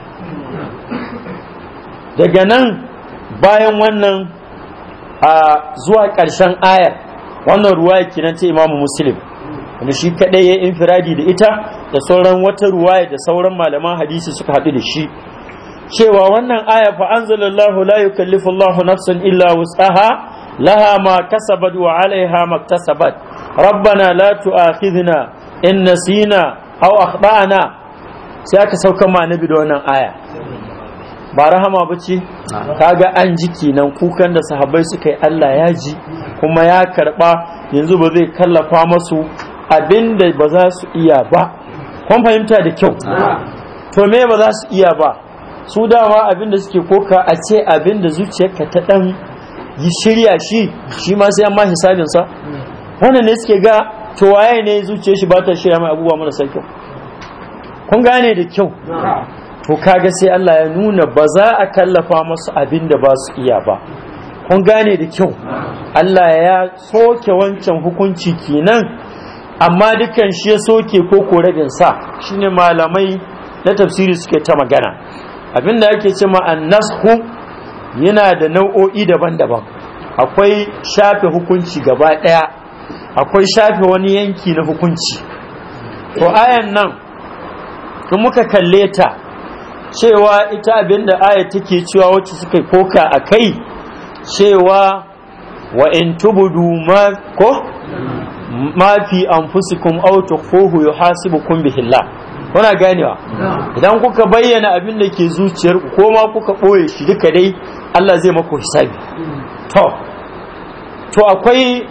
daga nan bayan wannan a zuwa ƙarshen ayar wannan ruwaya kenan ta imamu muslim Wani shi kaɗai ya infiradi da ita da sauran wata ruwaya da sauran malaman hadisi suka haɗu da shi cewa wannan aya fa anzalallahu la yukallifu nafsan illa wus'aha laha ma kasabat wa alaiha kasabat rabbana la tu'akhidhna in nasina aw akhtana sai aka sauka ma nabi da wannan aya ba rahama ba Ka kaga an jiki nan kukan da sahabbai suka yi Allah ya ji kuma ya karba yanzu ba zai kallafa masu abinda ba za su iya ba kun fahimta da kyau to me ba za su iya ba su dama abinda suke koka a ce abinda zuciyarka ta dan yi shirya shi shi ma sai an ma sa wannan ne suke ga to waye ne zuciyar shi ba ta shirya mai abubuwa marasa kyau kun gane da kyau to kaga sai Allah ya nuna ba za a kallafa masu abinda da ba su iya ba kun gane da kyau Allah ya soke wancan hukunci kenan amma dukan shi ya soke ko korabin sa shine malamai na tafsiri suke ta magana abinda ake cewa ma annashu yana da nau'o'i daban-daban akwai shafe hukunci gaba ɗaya akwai shafe wani yanki na hukunci to ayan nan in muka kalle ta cewa ita abinda aya take cewa wacce suka koka a kai cewa wa in tubudu ma ko ma fi anfusikum aw tukhfuhu yuhasibukum bihillah kuna ganewa idan kuka bayyana abin da ke zuciyar ku ko ma kuka ɓoye shi duka dai Allah zai maku hisabi to to akwai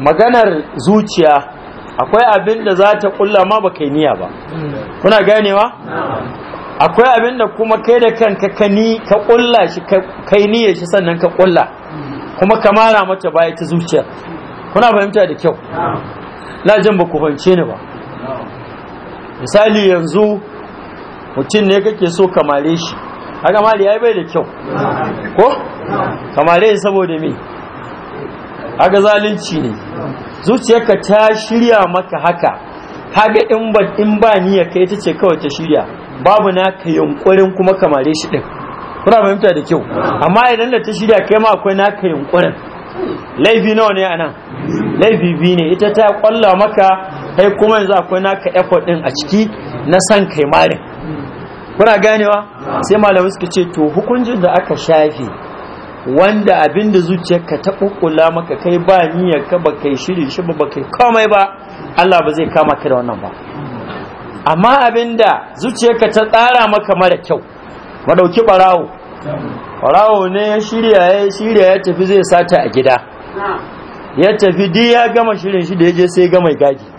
maganar zuciya akwai abin da za ta kulla ma ba kai niyya ba kuna ganewa akwai abin da kuma kai da kanka ka ni ka kulla shi kai niyya shi sannan ka kulla kuma kamara mata baya ta zuciya kuna fahimta da kyau na jin ba ku fahimce ni ba misali yanzu mutum ne kake so kamare shi haka mali ya bai da kyau ko kamare ya saboda me haka zalunci ne zuciyarka ta shirya maka haka Haka in ba ni ya kai ita ce kawai ta shirya babu na ka yunkurin kuma kamare shi ɗin? kuna fahimta da kyau amma idan da ta shirya kai ma akwai na ka yunkurin laifi nawa ne anan laifi biyu ne ita ta kwalla maka kai kuma yanzu akwai naka effort din a ciki na san kai marin kuna ganewa sai malamai suka ce to hukuncin da aka shafe wanda abin da zuciyarka ta kukkula maka kai ba niyyar ka ba kai shiri shi ba kai komai ba Allah ba zai kama ka da wannan ba amma abin da zuciyarka ta tsara maka mara kyau madauki barawo barawo ne ya shirya ya shirya ya tafi zai sata a gida ya tafi di ya gama shirin shi da ya je sai gama gadi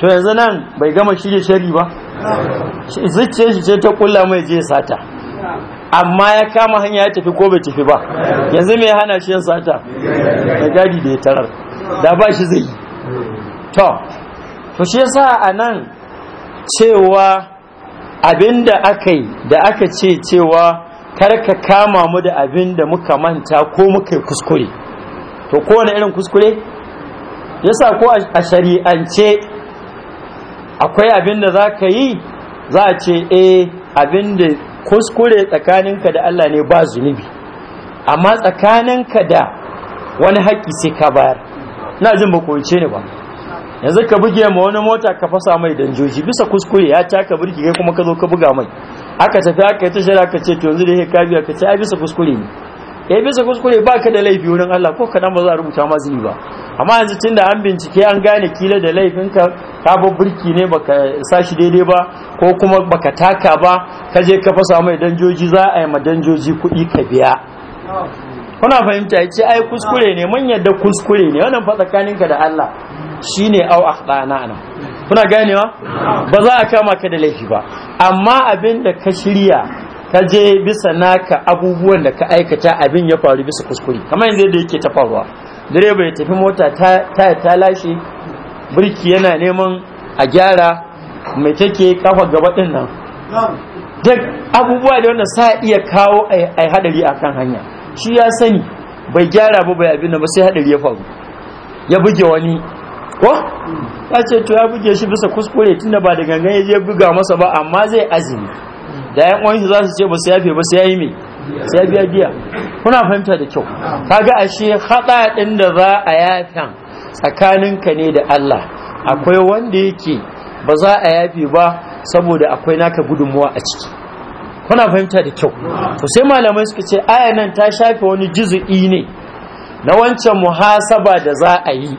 to yanzu nan bai gama shirye shari ba zuciyar shi ce ta kulla mai je sata amma ya kama hanya ya tafi ko bai tafi ba yanzu mai hana shi yin sata da gadi da ya tarar da ba shi zai yi to to shi yasa a nan cewa abinda aka yi da aka ce cewa karka kama mu da abin da muka manta ko muka kuskure to kowane irin kuskure yasa ko a shari'ance akwai abin da za ka yi za a ce e, abin da kuskure tsakaninka da Allah ne ba zunubi amma tsakaninka da wani haƙƙi sai ka bayar na jin ba ne ba yanzu ka buge ma wani mota ka fasa mai danjoji bisa kuskure ya taka birki kai kuma ka zo ka buga mai aka tafi aka yi tashara ka ce to yanzu da ya kabiya ka ce ai bisa kuskure ne ya eh, bisa kuskure ba ka da laifi wurin Allah ko kaɗan ba za a rubuta ma zini ba amma yanzu tun da an bincike an gane kila da laifinka ka birki burki ne baka sa shi daidai ba ko kuma baka taka ba ka je ka fasa mai danjoji za a yi ma danjoji kuɗi ka biya kuna fahimta ya ce ai kuskure ne mun yadda kuskure ne wannan fa tsakaninka da Allah shine au akhdana ana kuna ganewa ba za a kama ka da laifi ba amma abin da ka shirya ka je bisa naka abubuwan da ka aikata abin ya faru bisa kuskure kamar yadda da yake ta faruwa direba ya tafi mota ta ta lashe birki yana neman a gyara mai take kafa gaba din nan duk abubuwa da wanda sa iya kawo a hadari akan hanya shi ya sani bai gyara ba bai abin da ba sai hadari ya faru ya buge wani ko ya ce to ya buge shi bisa kuskure tunda ba da gangan ya je buga masa ba amma zai azumi da ya shi za su ce ba su yafe ba su yayi me sai biya biya kuna fahimta da kyau kaga ashe hada din da za a tsakanin ka ne da Allah akwai wanda yake ba za a yafe ba saboda akwai naka gudunmuwa a ciki kuna fahimta da kyau to sai malamai suka ce aya nan ta shafe wani juzu'i ne na wancan muhasaba da za a yi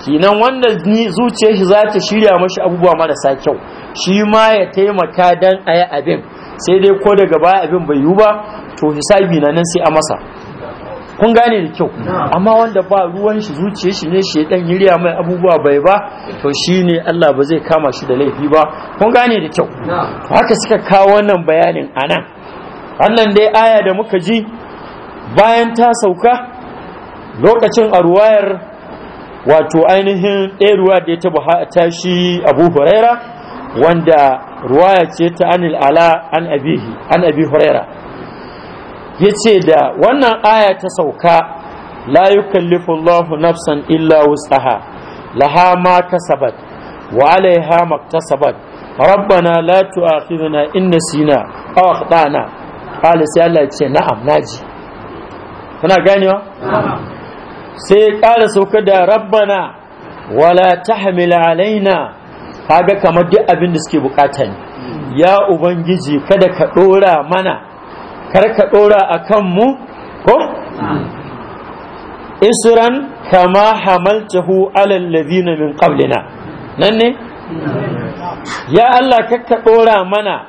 kinan wanda zuciyar shi za ta shirya mashi abubuwa marasa kyau shi ma ya taimaka dan a yi abin sai dai ko daga baya abin bai yiwu ba to hisabi na nan sai a masa kun gane da kyau amma wanda ba ruwan shi zuciye shi ne shi dan yirya mai abubuwa bai ba to shi ne Allah ba zai kama shi da laifi ba kun gane da kyau haka suka kawo wannan bayanin anan wannan dai aya da muka ji bayan ta sauka lokacin a ruwayar wato ainihin ɗaya ruwa da ya taba tashi abu huraira wanda ruwaya ce ta anil ala an abihi an abi huraira yace da wannan aya ta sauka la yukallifu Allahu nafsan illa wus'aha laha ma kasabat wa alaiha maktasabat rabbana la tu'akhidhna in nasina aw akhtana qala sai Allah ce na'am naji kuna ganewa sai ya ƙara sauka da rabbana wala tahmil alaina kaga kamar duk abin da suke bukata ne ya ubangiji kada ka dora mana kar ka dora akan mu ko isran kama hamaltahu ala alladhina min qablina nan ne ya Allah kar ka dora mana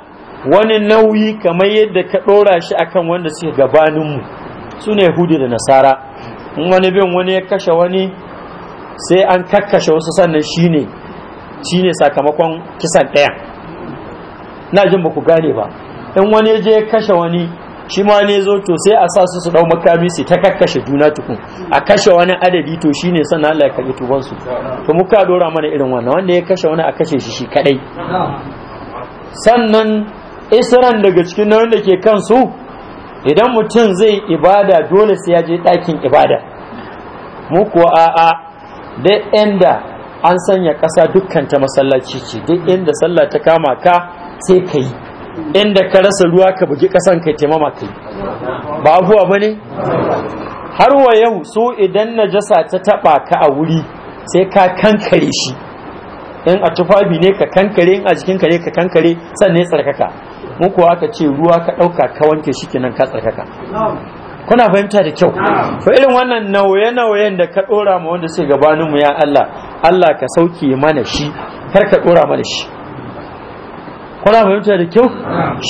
wani nauyi kamar yadda ka dora shi akan wanda suke gabanin mu sune yahudi da nasara in wani bin wani ya kashe wani sai an kakkashe wasu sannan shine Shi ne sakamakon kisan ɗaya na jin ba ku gane ba in wani je kashe wani shi ma ne zo to sai a sa su su dau makami su ta kakkashe juna tukun a kashe wani adadi to shi sannan Allah ya karbi tuban su to muka ɗora mana irin wannan wanda ya kashe wani a kashe shi shi kaɗai. sannan isran daga cikin na da ke kansu idan mutum zai ibada dole sai ya je ɗakin ibada mu kuwa a'a da inda an sanya ƙasa dukkan ta masallaci ce duk inda sallah ta kama ka sai ka yi inda ka rasa ruwa ka bugi ƙasan kai taimama kai ba abuwa ba ne har wa yau so idan najasa ta taɓa ka a wuri sai ka kankare shi in a tufafi ne ka kankare in a ka ne ka kankare sannan ya tsarkaka mun kuwa aka ce ruwa ka ɗauka ka wanke shi kenan ka tsarkaka kuna fahimta da kyau Fa irin wannan nauye-nauyen da ka ɗora ma wanda sai gabanin mu ya Allah Allah ka sauke mana shi kar ka dora mana shi kuna fahimta da kyau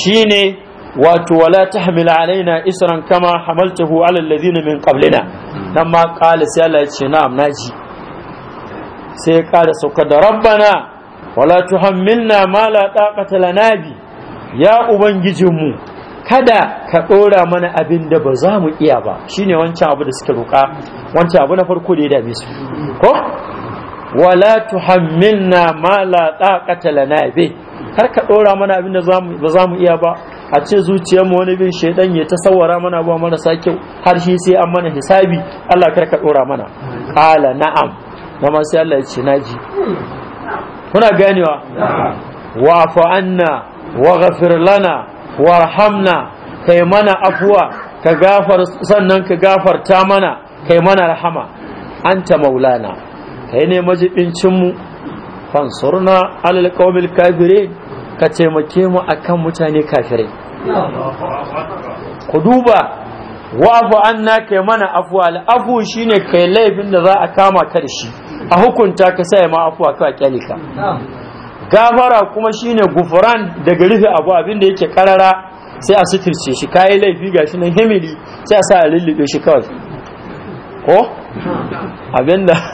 shine wato wala tahmil alaina isran kama hamaltahu ala alladhina min qablina nan ma qala sai Allah ya ce na'am naji sai ya ƙara sauka da rabbana wala tuhammilna ma la taqata lana bi ya ubangijinmu kada ka ɗora mana abin da ba za mu iya ba shine wancan abu da suka roka wancan abu na farko da ya dame su ko wala tuhammin ma la taqata lana kar ka ɗora mana abin da ba za mu iya ba a ce zuciyarmu wani bin shaidan ya ta sawara mana ba marasa kyau har shi sai an mana hisabi Allah kar ka dora mana qala na'am kuma sai Allah ya ce naji kuna ganewa wa'fu anna waghfir lana warhamna kai mana afuwa ka gafar sannan ka gafarta mana kai mana rahama anta maulana kai ne majibincinmu fansurna alal qaumil kafirin ka taimake mu akan mutane kafirai ku duba wa'fu anna kai mana afwa al'afu shine kai laifin da za a kama ka da shi a hukunta ka sai ma afwa ka kyale ka gafara kuma shine gufuran daga rufe abu abin da yake karara sai a suturce shi kayi laifi gashi nan himili sai a sa a lullube shi kawai ko abinda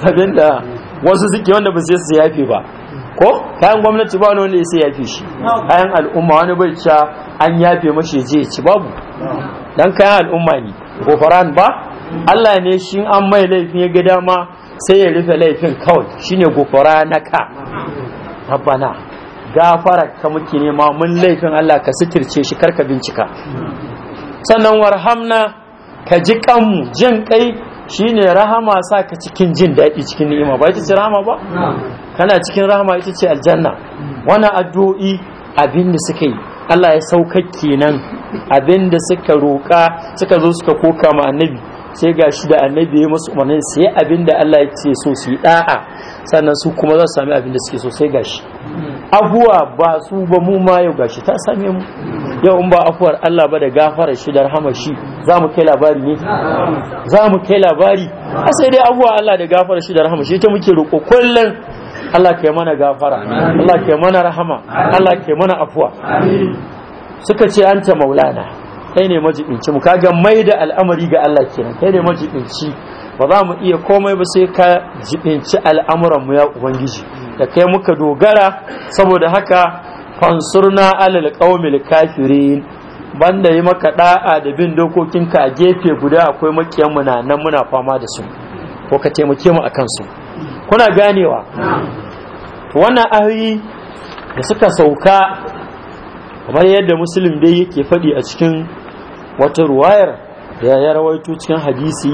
abinda wasu suke wanda ba sai su yafe ba ko kayan gwamnati ba wanda ya sai yafe shi kayan al'umma wani bai ca an yafe mashi je ci babu dan kayan al'umma ne gofaran ba Allah ne shi an mai laifin ya ga dama sai ya rufe laifin kawai shine gofara na ka rabbana gafara ka muke nema mun laifin Allah ka sitirce shi karka bincika sannan warhamna ka ji kanmu jin kai shine rahama sa ka cikin jin daɗi cikin ni'ima ba ita ce rahama ba kana cikin rahama ita ce aljanna mm. Wani addu'o'i abin da suka yi Allah ya sauka kenan abin da suka roƙa suka zo suka koka ma annabi sai ga shi da annabi ya masu umarni sai abinda Allah ya ce so su yi da'a sannan su kuma za su sami abinda suke so sai gashi abuwa ba su ba mu ma yau gashi ta same mu yau in ba afuwar Allah ba da gafarar shi da rahamar shi za mu kai labari ne za mu kai labari a sai dai abuwa Allah da gafarar shi da rahamar shi ta muke roƙo kullum Allah ke mana gafara Allah ke mana rahama Allah ke mana afuwa suka ce anta maulana kai ne majibinci mu kaga mai da al'amari ga Allah kenan kai ne majibinci ba za mu iya komai ba sai ka jibinci al'amuran mu ya ubangiji da kai muka dogara saboda haka fansurna alal qaumil kafirin banda yi maka da'a da bin dokokin ka gefe guda akwai makiyan mu na nan muna fama da su ko ka taimake mu akan su kuna ganewa wannan ahli da suka sauka kamar yadda musulun dai yake faɗi a cikin wata ruwayar ya ya rawaito cikin hadisi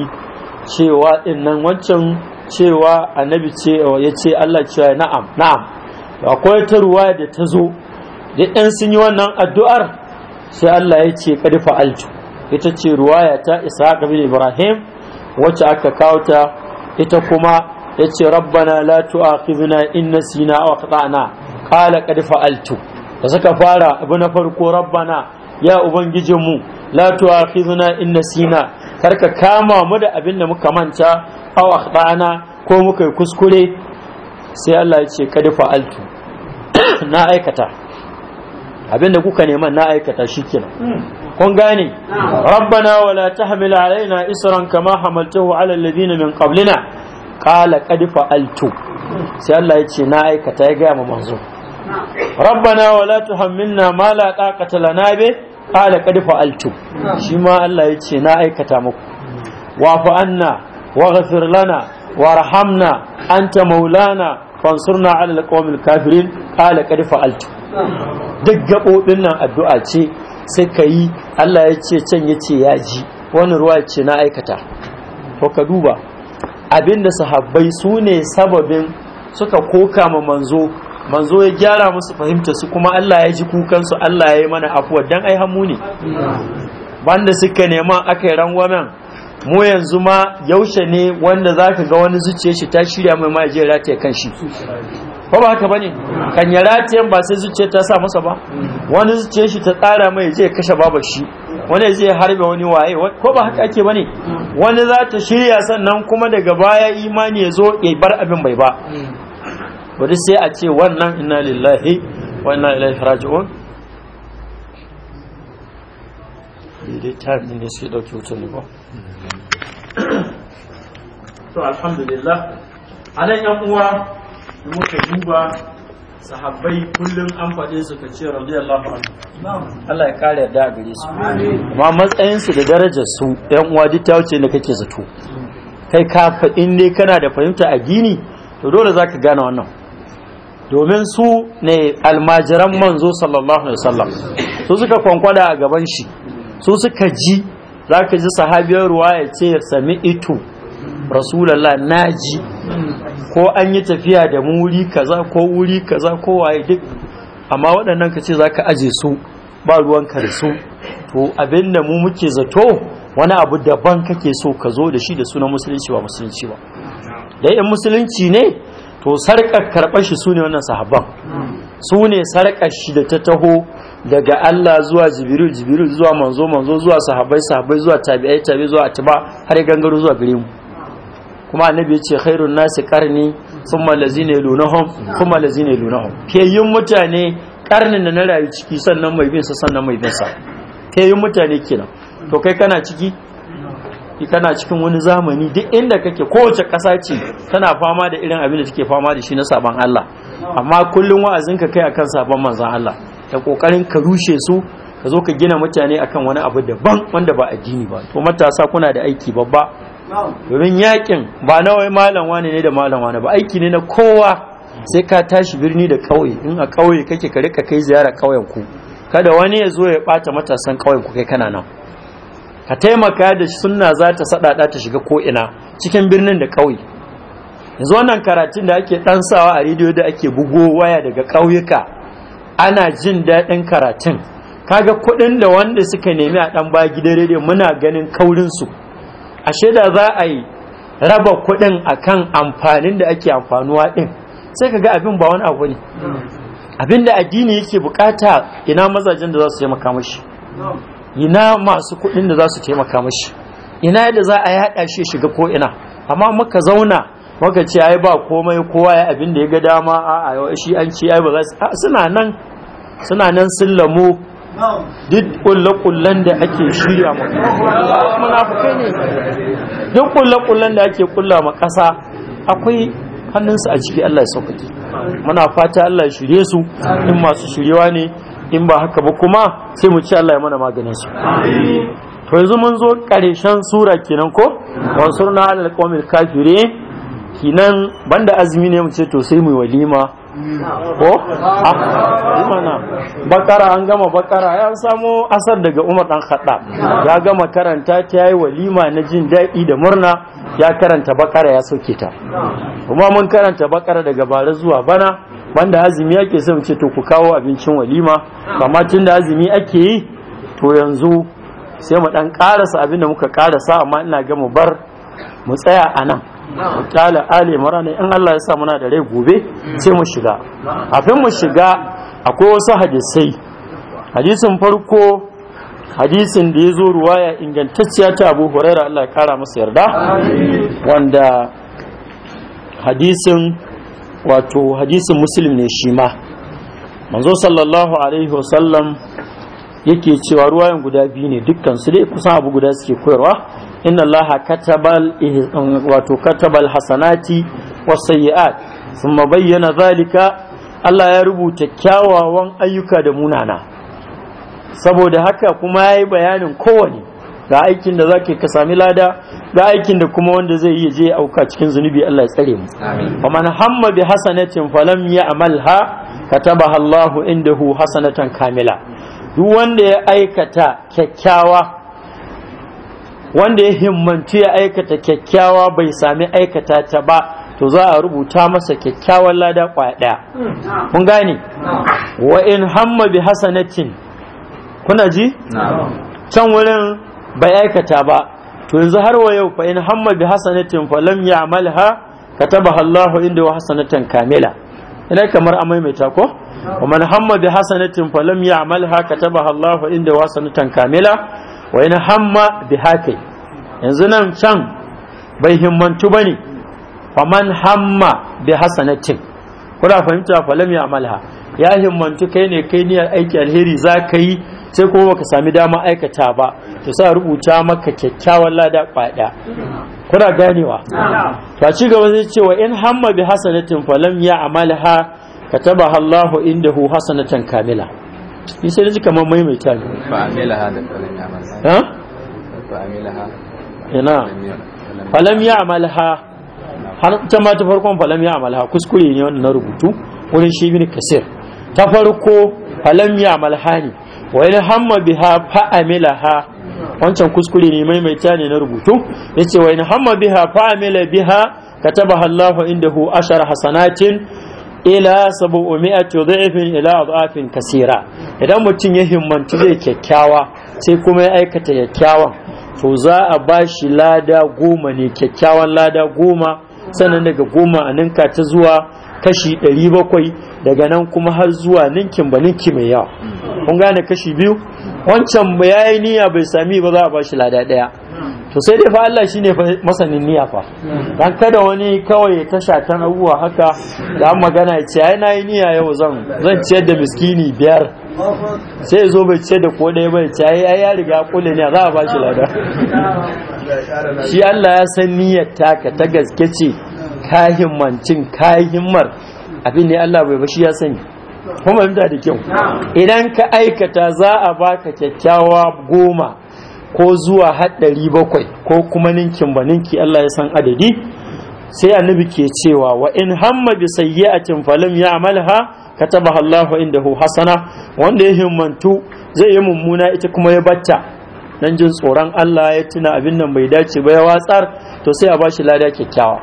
cewa din nan wancan cewa annabi ce ya ce Allah cewa na'am na'am akwai ta ruwaya da ta zo da ɗan sun yi wannan addu'ar sai Allah ya ce kad fa'altu ita ce ruwaya ta Ishaq bin Ibrahim wacce aka kawo ta ita kuma ya ce rabbana la tu'akhidhna in nasina aw akhtana qala ƙadi fa'altu da suka fara abu na farko rabbana ya ubangijinmu la tu'akhidhna in nasina karka kama mu da abin da muka manta aw akhtana ko muka yi kuskure sai Allah ya ce dafa altu, na aikata abin da kuka neman na aikata shikenan kun gane rabbana wala tahmil alaina isran kama hamaltahu ala alladhina min qablina qala qad altu sai Allah ya ce na aikata ya ga mu manzo rabbana wala tuhammilna ma la taqata lana bih kala qad altu shi ma Allah yace na aikata muku wa fa'anna wa lana warhamna anta maulana fansurna ala alqawmil kafirin kala qad altu duk gaɓoɓin nan addu'a ce sai yi Allah ya ce can ya ce ya ji wani ruwa ce na aikata to ka duba abinda sahabbai su ne sababin suka koka ma manzo manzo ya gyara musu fahimta su kuma Allah ya ji kukan su Allah ya yi mana afuwa dan ai hamu ne banda suka nema aka yi rangwamen mu yanzu ma yaushe ne wanda zaka ga wani zuciyar shi ta shirya mai ma je rataye kan shi ko ba haka bane kan ya ratayen ba sai zuciyar ta sa masa ba wani zuciyar shi ta tsara mai je kashe babar shi wani zai harbe wani waye ko ba haka ake bane wani za ta shirya sannan kuma daga baya imani ya zo ya bar abin bai ba bari sai a ce wannan inna lillahi wa inna ilaihi raji'un daidai time ne sai dauki wuce ne ba to alhamdulillah a nan yankuwa da muka duba sahabbai kullum an faɗe su ka ce radiyallahu anhu Allah ya kare da a gare su amma matsayinsu da darajar su yan uwa duk ta wuce ne kake zato kai ka in ne kana da fahimta a gini to dole zaka gane wannan domin su ne almajiran manzo sallallahu alaihi wasallam su suka kwankwada a gaban shi su suka ji za ka ji sahabiyar ruwa ya ce sami itu, rasulallah naji ko an yi tafiya da mu wuri kaza ko wuri kaza ko waye duk amma waɗannan ka ce za ka aje su ba ruwan ka da su to abin da mu muke zato wani abu daban kake so ka zo da shi da sunan musulunci ba musulunci ba dai in musulunci ne to sarƙar karɓar shi su ne wannan sahabban su ne sarƙar shi da ta taho daga Allah zuwa jibril jibril zuwa manzo manzo zuwa sahabbai sahabbai zuwa tabi'ai tabi zuwa atba har yi gangaro zuwa gare mu kuma annabi ya ce khairun nasi qarni thumma allazina yalunahum thumma allazina yalunahum yin mutane karnin da na rayu ciki sannan mai bin sa sannan mai bin sa yin mutane kenan to kai kana ciki kana cikin wani zamani duk inda kake kowace ƙasa ce tana fama da irin abin da take fama da shi na sabon Allah amma kullum wa'azin ka kai akan sabon manzon Allah da kokarin ka rushe su ka zo ka gina mutane akan wani abu daban wanda ba addini ba to matasa kuna da aiki babba domin yakin ba na wai malam wani ne da malam wani ba aiki ne na kowa sai ka tashi birni da kauye in a ƙauye kake ka rika kai ziyara kauyen ku kada wani ya zo ya ɓata matasan ƙauyen ku kai kana nan a taimaka da sunna za ta saɗaɗa ta shiga ko'ina cikin birnin da ƙauye yanzu wannan karatun da ake ɗansawa a rediyo da ake bugo waya daga ƙauyuka ana jin daɗin karatun kaga kuɗin da wanda suka nemi a ɗan ba gidan rediyo muna ganin kaurinsu ashe da za a yi raba kuɗin akan amfanin da ake amfanuwa ɗin sai kaga abin ba wani abu ne abin da addini yake bukata ina mazajen da za su taimaka mashi ina masu kuɗin da za su taimaka mashi ina yadda za a yada shi shiga ko ina amma muka zauna muka ce ai ba komai kowa ya abin da ya ga dama a a shi an ci ai ba za su suna nan suna nan sun lamu duk kulle-kullen da ake shirya ma munafukai ne duk kulle-kullen da ake kulla ma ƙasa akwai hannunsu a ciki Allah ya sauƙaƙe muna fata Allah ya shirye su in masu shiryewa ne in ba haka ba kuma sai mu ci Allah ya mana maganin su to yanzu mun zo ƙarshen sura kenan ko wansurna alal qawmil kafirin kinan banda azumi ne mu ce to sai mu walima ko ah, mana bakara an gama bakara ya samu asar daga umar dan haɗa, ya gama karanta ta yayi walima na jin daɗi da murna ya karanta bakara ya sauke ta kuma mun karanta bakara daga bara zuwa bana banda azumi ake son ce to ku kawo abincin walima amma tun da azumi ake yi to yanzu sai mu dan karasa abin da muka karasa amma ina ga bar mu tsaya a nan tala ali marani in Allah ya sa muna da rai gobe sai mu shiga kafin mu shiga akwai wasu hadisai hadisin farko hadisin da ya zo ruwaya ingantacciya ta abu huraira Allah ya kara masa yarda wanda hadisin wato hadisin muslim ne shi ma manzo sallallahu alaihi wasallam yake cewa ruwayan guda biyu ne dukkan su dai kusan abu guda suke koyarwa inna allaha katabal wato katabal hasanati was thumma bayyana zalika Allah ya rubuta kyawawan ayyuka da munana saboda haka kuma yayi bayanin kowane ga aikin da zake ka sami lada ga aikin da kuma wanda zai iya je auka cikin zunubi Allah ya tsare mu wa man hamma bi hasanatin falam ya'malha kataba Allahu indahu hasanatan kamila duk wanda ya aikata kyakkyawa wanda ya himmanci ya aikata kyakkyawa bai sami aikata ta ba to za a rubuta masa kyakkyawan lada kwaya ɗaya kun gane wa in hamma bi hasanatin kuna ji can wurin bai aikata ba to yanzu har wa yau fa in hamma bi hasanatin fa lam ya'malha kataba Allahu inda wa hasanatan kamila ina kamar a maimaita ko wa man hamma bi hasanatin fa lam ya'malha kataba Allahu inda wa hasanatan kamila wa yana hamma bi haka yanzu nan can bai himmantu ba ne faman hamma bi hasanatin kuna fahimta lam ya amalha ya himmantu kai ne kai niyyar aiki alheri za ka yi sai kuma baka sami dama aikata ba to sa rubuta maka kyakkyawan lada kwada kuna ganewa to ci gaba zai ce wa in hamma bi hasanatin lam ya amalha kataba Allahu indahu hasanatan kamila ni sai da ji kamar maimaita ne ina falam ya ha har ta ma ta farkon falam ya ha kuskure ne wannan na rubutu wurin shi bin kasir ta farko falam ya ha ne wa in hamma biha fa ha wancan kuskure ne mai mai ne na rubutu yace wa in hamma biha fa amila biha katabaha Allahu indahu ashara hasanatin ila sabu'umi'ati dha'fin ila adhafin kasira idan mutum ya himmantu zai kyakkyawa sai kuma ya aikata kyakkyawan to za a shi lada goma ne kyakkyawan lada goma sannan daga goma a ninka ta zuwa kashi ɗari bakwai daga nan kuma har zuwa ninkin ba ninki mai yawa kun gane kashi biyu wancan ya yi niyya bai sami ba za a shi lada ɗaya to sai dai fa Allah shine masanin niyya fa dan kada wani kawai ta shatan abubuwa haka da magana ya ce ai nayi niyya yau zan zan ciyar da miskini biyar sai zo bai ciyar da ko ɗaya bai ce ai ya riga kulle ne za a ba shi lada shi Allah ya san niyyar taka ta gaske ce ka himmancin ka himmar abin ne Allah bai ba shi ya sani kuma da kyau idan ka aikata za a baka kyakkyawa goma ko zuwa haɗari bakwai ko kuma ninkin ba ninki Allah ya san adadi sai annabi ke cewa wa in hamma bi sayyi'atin falam ya'malha kataba Allahu indahu hasana wanda ya himmantu zai yi mummuna ita kuma ya batta nan jin tsoron Allah ya tuna abin nan bai dace ba ya watsar to sai a bashi lada kyakkyawa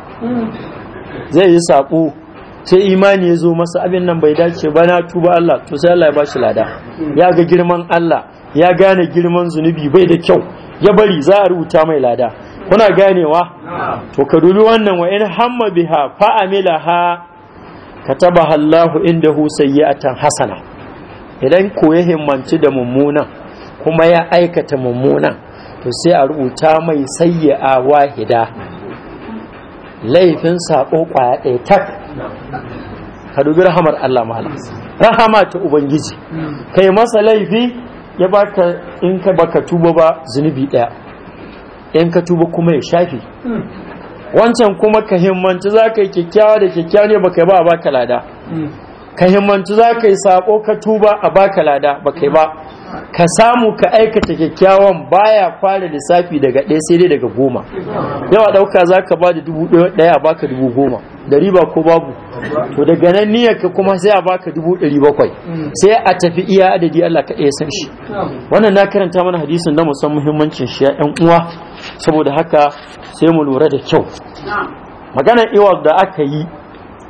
zai yi saƙo sai imani ya zo masa abin nan bai dace ba na tuba Allah to sai Allah ya bashi lada ya ga girman Allah ya gane girman zunubi bai da kyau ya bari za a rubuta mai lada kuna ganewa to ka dubi wannan wa in hamma biha fa amilaha katabaha Allahu indahu sayyatan hasana idan ko ya himmanci da mummunan kuma ya aikata mummunan to sai a rubuta mai sayyi'a wahida laifin sako kwaya ɗaya tak ka dubi rahamar Allah rahama ta ubangiji kai masa laifi ya baka in ka baka tuba ba zunubi daya in ka tuba kuma ya shafi hmm. wancan kuma ka himmanci za ka yi kyakkyawa da kyakkyawa ne baka yi ba a baka lada hmm. ka himmanci za ka yi sako ka tuba a baka lada baka yi ba ka samu ka aikata kyakkyawan baya fara lissafi daga ɗaya sai dai daga goma hmm. yawa ɗauka za ka ba da dubu ɗaya a baka dubu goma da riba ko babu to daga nan ka kuma sai a baka dubu ɗari bakwai mm. sai a tafi iya adadi Allah ka ya san shi wannan na karanta mana hadisin na musan muhimmancin shi ya ƴan uwa saboda haka sai mu lura da kyau maganar iwa da aka yi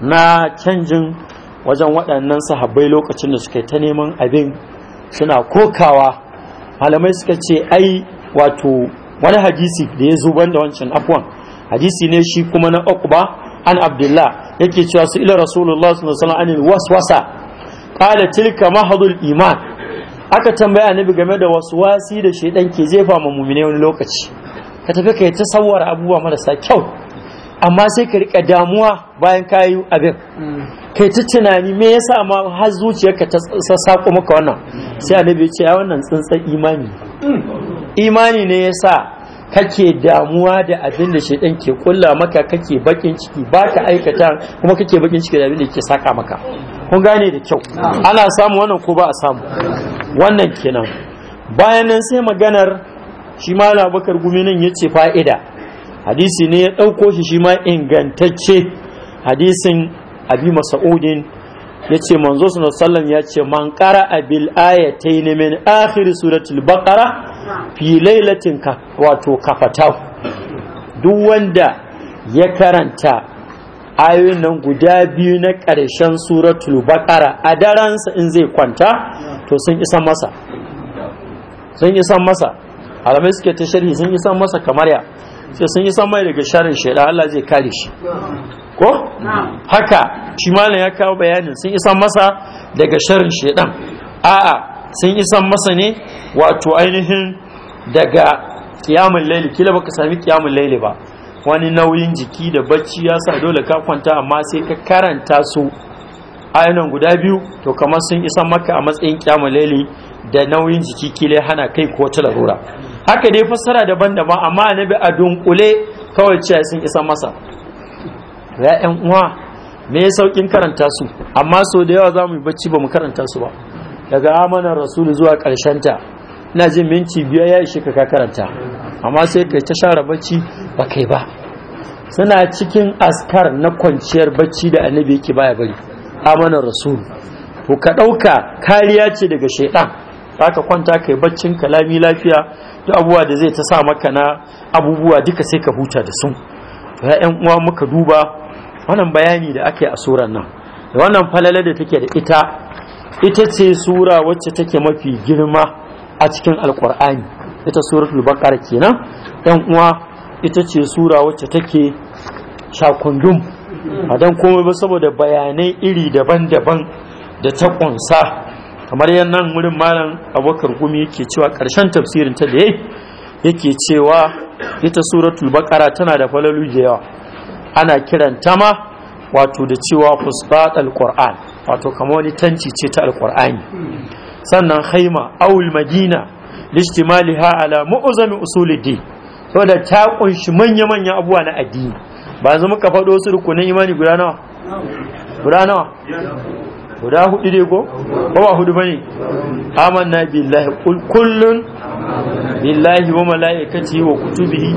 na canjin wajen waɗannan sahabbai lokacin da suka yi ta neman abin suna kokawa malamai suka ce ai wato wani hadisi da ya zuban da wancan afwan hadisi ne shi kuma na uku an abdullah yake cewa su ila rasulullah sallallahu alaihi wasallam waswasa qala tilka mahadul iman aka tambaya annabi game da waswasi da shaidan ke jefa ma mu'mine wani lokaci ka tafi kai ta sawwara abubuwa marasa kyau amma sai ka rika damuwa bayan ka abin kai ta tunani me yasa ma har zuciyarka ta sako maka wannan sai annabi ya ce ya wannan tsuntsan imani mm. imani ne yasa kake damuwa da abin da shaidan ke kulla maka kake bakin ciki ba ka aikata kuma kake bakin ciki da abin da ke saka maka kun gane da kyau ana samu wannan ko ba a samu wannan kenan bayan nan sai maganar shi ma labakar gumi nan ya ce fa'ida hadisi ne ya ɗauko shi shi ma ingantacce hadisin abi masa'udin ya ce manzo sallam ya ce man ƙara abil ayatai min akhiri, suratul baqara fi lailatin wato kafatau duk wanda ya karanta ayoyin nan guda biyu na ƙarshen suratul baqara a daransa in zai kwanta to sun isa masa sun isa masa alamai suke ta sharhi sun isa masa kamar ya sai sun isa mai daga sharin shaida? Allah zai kare shi ko haka shi malam ya kawo bayanin sun isa masa daga sharin shaidan a'a sun isan masa ne wato ainihin daga kiyamun laili kila baka sami kiyamun laili ba wani nauyin jiki da bacci ya sa dole ka kwanta amma sai ka karanta su ainihin guda biyu to kamar sun san maka a matsayin kiyamun laili da nauyin jiki kila hana kai ko wata larura haka dai fassara daban-daban amma na bi a dunkule kawai cewa sun isa masa Ya'yan uwa me saukin karanta su amma sau da yawa za mu yi bacci ba mu karanta su ba daga amanar rasulu zuwa ƙarshen ta ina jin minti biyu ya ishe ka karanta amma sai ka ta share bacci ba kai ba suna cikin askar na kwanciyar bacci da annabi yake baya bari amanar rasulu to ka ɗauka kariya ce daga shaidan ka kwanta kai baccin kalami lafiya duk abubuwa da zai ta sa maka na abubuwa duka sai ka huta da su ya'yan uwa muka duba wannan bayani da ake a suran nan da wannan falala da take da ita ita ce sura wacce take mafi girma a cikin alkur'ani ita suratul baqara kenan ɗan uwa ita ce sura wacce take shakundum a dan komai ba saboda bayanai iri daban-daban da ta kunsa kamar yannan wurin malam Abubakar gumi yake cewa ƙarshen tafsirin ta da yake cewa ita suratul baqara tana da falalu da ana kiranta ma wato da cewa fusbatul qur'an wato kama wani tanci ce ta alkur'ani sannan haima awul madina ha ala mu'uzami usuliddi saboda ta kunshi manya manya abubuwa na addini ba zama ka faɗo su rukunin imani guda nawa guda nawa guda hudu dai go ko ba hudu bane amanna billahi kullun billahi wa malaikatihi wa kutubihi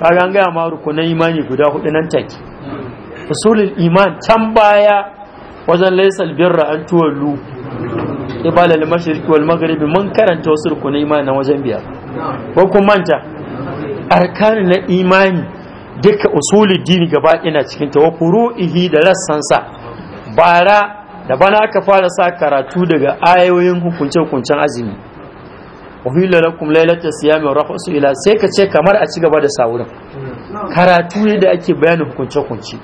kaga an ga ma rukunin imani guda hudu nan take usulul iman can baya wajen laisal birra an tuwallu ibala da mashirki wal magharibi mun karanta wasu rukuni imani na wajen biyar ko kun manta arkanin na imani duka usuli dini gaba ina cikin ta wa furu'ihi da rassansa bara da bana aka fara sa karatu daga ayoyin hukunce-hukuncen azumi uhilla lakum lailatul siyami rafasu ila sai ka ce kamar a ci gaba da saurin karatu ne da ake bayanin hukunce-hukunce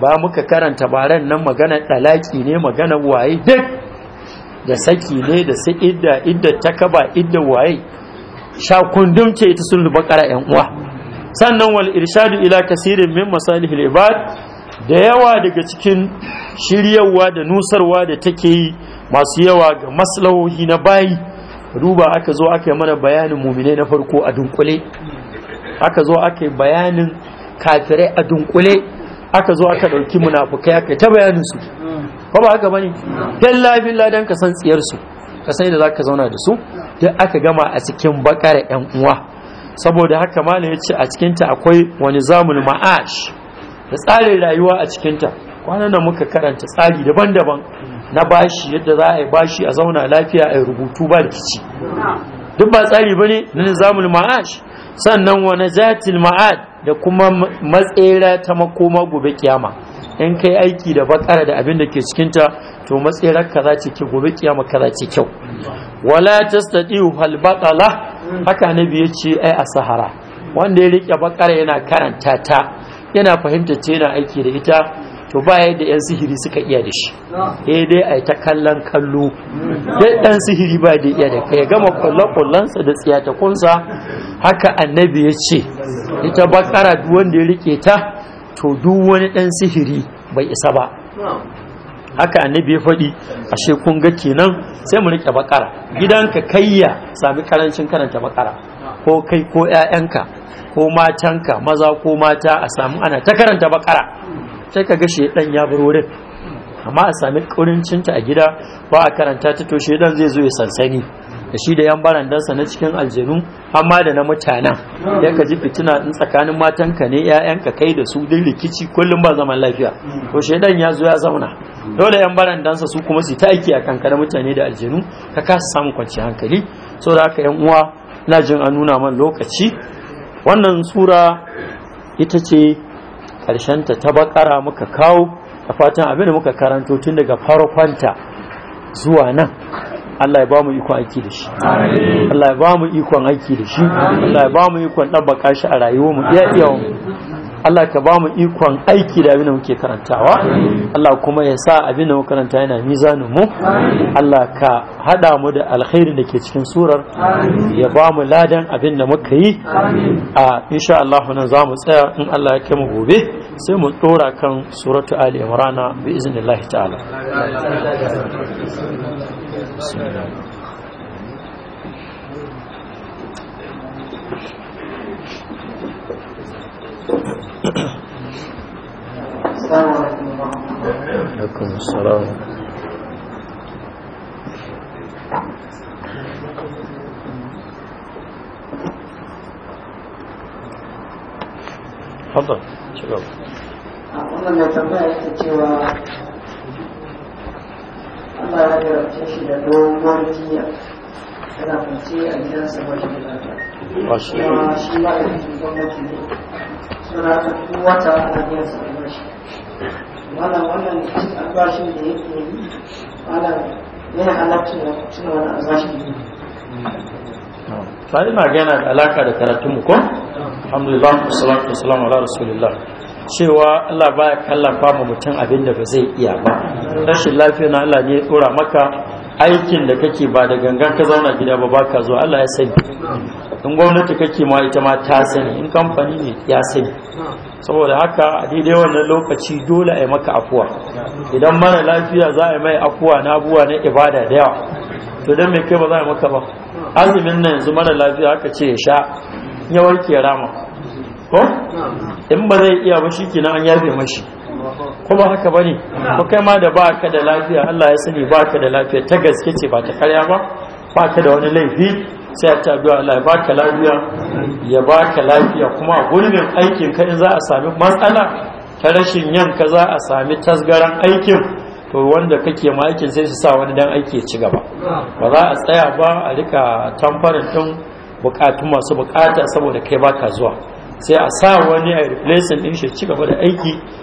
ba muka karanta baran nan magana ɗalaƙi ne magana waye duk da saki ne da su idda idda ta kaba idda waye sha kundum ce ita sun bakara yan uwa sannan wal irshadu ila kasirin min masalihil ibad da yawa daga cikin shiryawa da nusarwa da take yi masu yawa ga maslahohi na bayi duba aka zo aka yi mana bayanin mumine na farko a dunkule aka zo aka yi bayanin kafirai a dunkule aka zo aka ɗauki munafukai aka ta bayanin su ba ba haka bane yalla billah dan ka san tsiyar su ka sai da zaka zauna da su duk aka gama a cikin bakare yan uwa saboda haka malam yace a cikin ta akwai wani zamul ma'ash da tsarin rayuwa a cikin ta kwanan nan muka karanta tsari daban-daban na bashi yadda za a yi bashi a zauna lafiya a rubutu ba rikici duk ba tsari bane na zamul ma'ash sannan wani zatil ma'ad da kuma matsera ta makoma gobe kiyama in kai aiki da bakara da abin da ke cikinta to matserar za ce kyau gobe kiyama za ce kyau wala tastadiu hal batala haka nabi ya ce ai a sahara wanda ya rike bakara yana karanta ta yana fahimta ta yana aiki da ita to ba da 'yan sihiri suka iya da shi eh dai a ta kallon kallo dai ɗan sihiri ba da iya da kai gama kwallon-kwallonsa da tsiyatakunsa haka annabi ya ce ita bakara duk wanda ya rike ta to duk wani ɗan sihiri bai isa ba haka annabi ya faɗi ashe kun ga kenan sai mu rike bakara gidanka kayya sami karancin karanta bakara ko kai ko 'ya'yanka ko matanka maza ko mata a samu ana ta karanta bakara sai ka ga dan ya bar wurin amma a sami ƙurincinta a gida ba a karanta ta to dan zai zo ya sansani da shi da yan barandansa na cikin aljanu amma da na mutanen ya ka ji fitina in tsakanin matan ka ne 'ya'yanka kai da su duk rikici kullum ba zaman lafiya to shedan ya zo ya zauna dole yan barandansa su kuma su ta aiki a kanka da mutane da aljanu ka kasa samun kwanci hankali saboda haka yan uwa na jin an nuna man lokaci wannan sura ita ce ƙarshenta ta bakara muka kawo a fatan abin da muka karanto tun daga farkonta zuwa nan Allah ya ba mu ikon aiki da shi Allah ya ba mu ikon aiki da shi Allah ya ba mu ikon ɗabbaka shi a rayuwar mu iya iya Allah ka ba mu ikon aiki da abin da muke karantawa Allah kuma ya sa abin da muke karanta yana mizanin mu Allah ka hada mu da alkhairin da ke cikin surar ya ba mu ladan abin da muka yi a insha Allah nan za mu tsaya in Allah ya kai mu gobe sai mu dora kan suratu Ali Imran bi iznillah ta'ala Thank you. السلام عليكم ورحمة السلام تفضل شباب wannan mai tambaya yake cewa Allah ya garabce shi da doguwar jiya yana kwanci a gidansa ba shi da suna ta da yana da ina da alaka da karatun ko alhamdulillah salam ala rasulillah cewa Allah baya kallafa mu mutum abin da ba zai iya ba rashin lafiya na Allah ne ya tsora maka aikin da kake ba da gangan ka zauna gida ba baka zuwa Allah ya sani in gwamnati kake ma ita ma ta sani in kamfani ne ya sani saboda haka a daidai wannan lokaci dole a yi maka afuwa idan mara lafiya za a yi mai afuwa na abuwa na ibada da yawa to dan me kai ba za a yi maka ba azumin nan yanzu mara lafiya aka ce ya sha ya warke rama ko in ba zai iya ba shi kenan an yafe mashi Kuma haka bane ko kai ma da baka da lafiya Allah ya sani baka da lafiya ta gaske ce ba ta karya ba baka da wani laifi sai ta addu'a Allah ya baka lafiya ya baka lafiya kuma gurbin aikin ka in za a sami matsala ta rashin yanka za a sami tasgaran aikin to wanda kake ma aikin sai su sa wani dan aiki ya ci gaba ba za a tsaya ba a rika tamfarin din bukatu masu bukata saboda kai baka zuwa sai a sa wani a replacing din shi ci gaba da aiki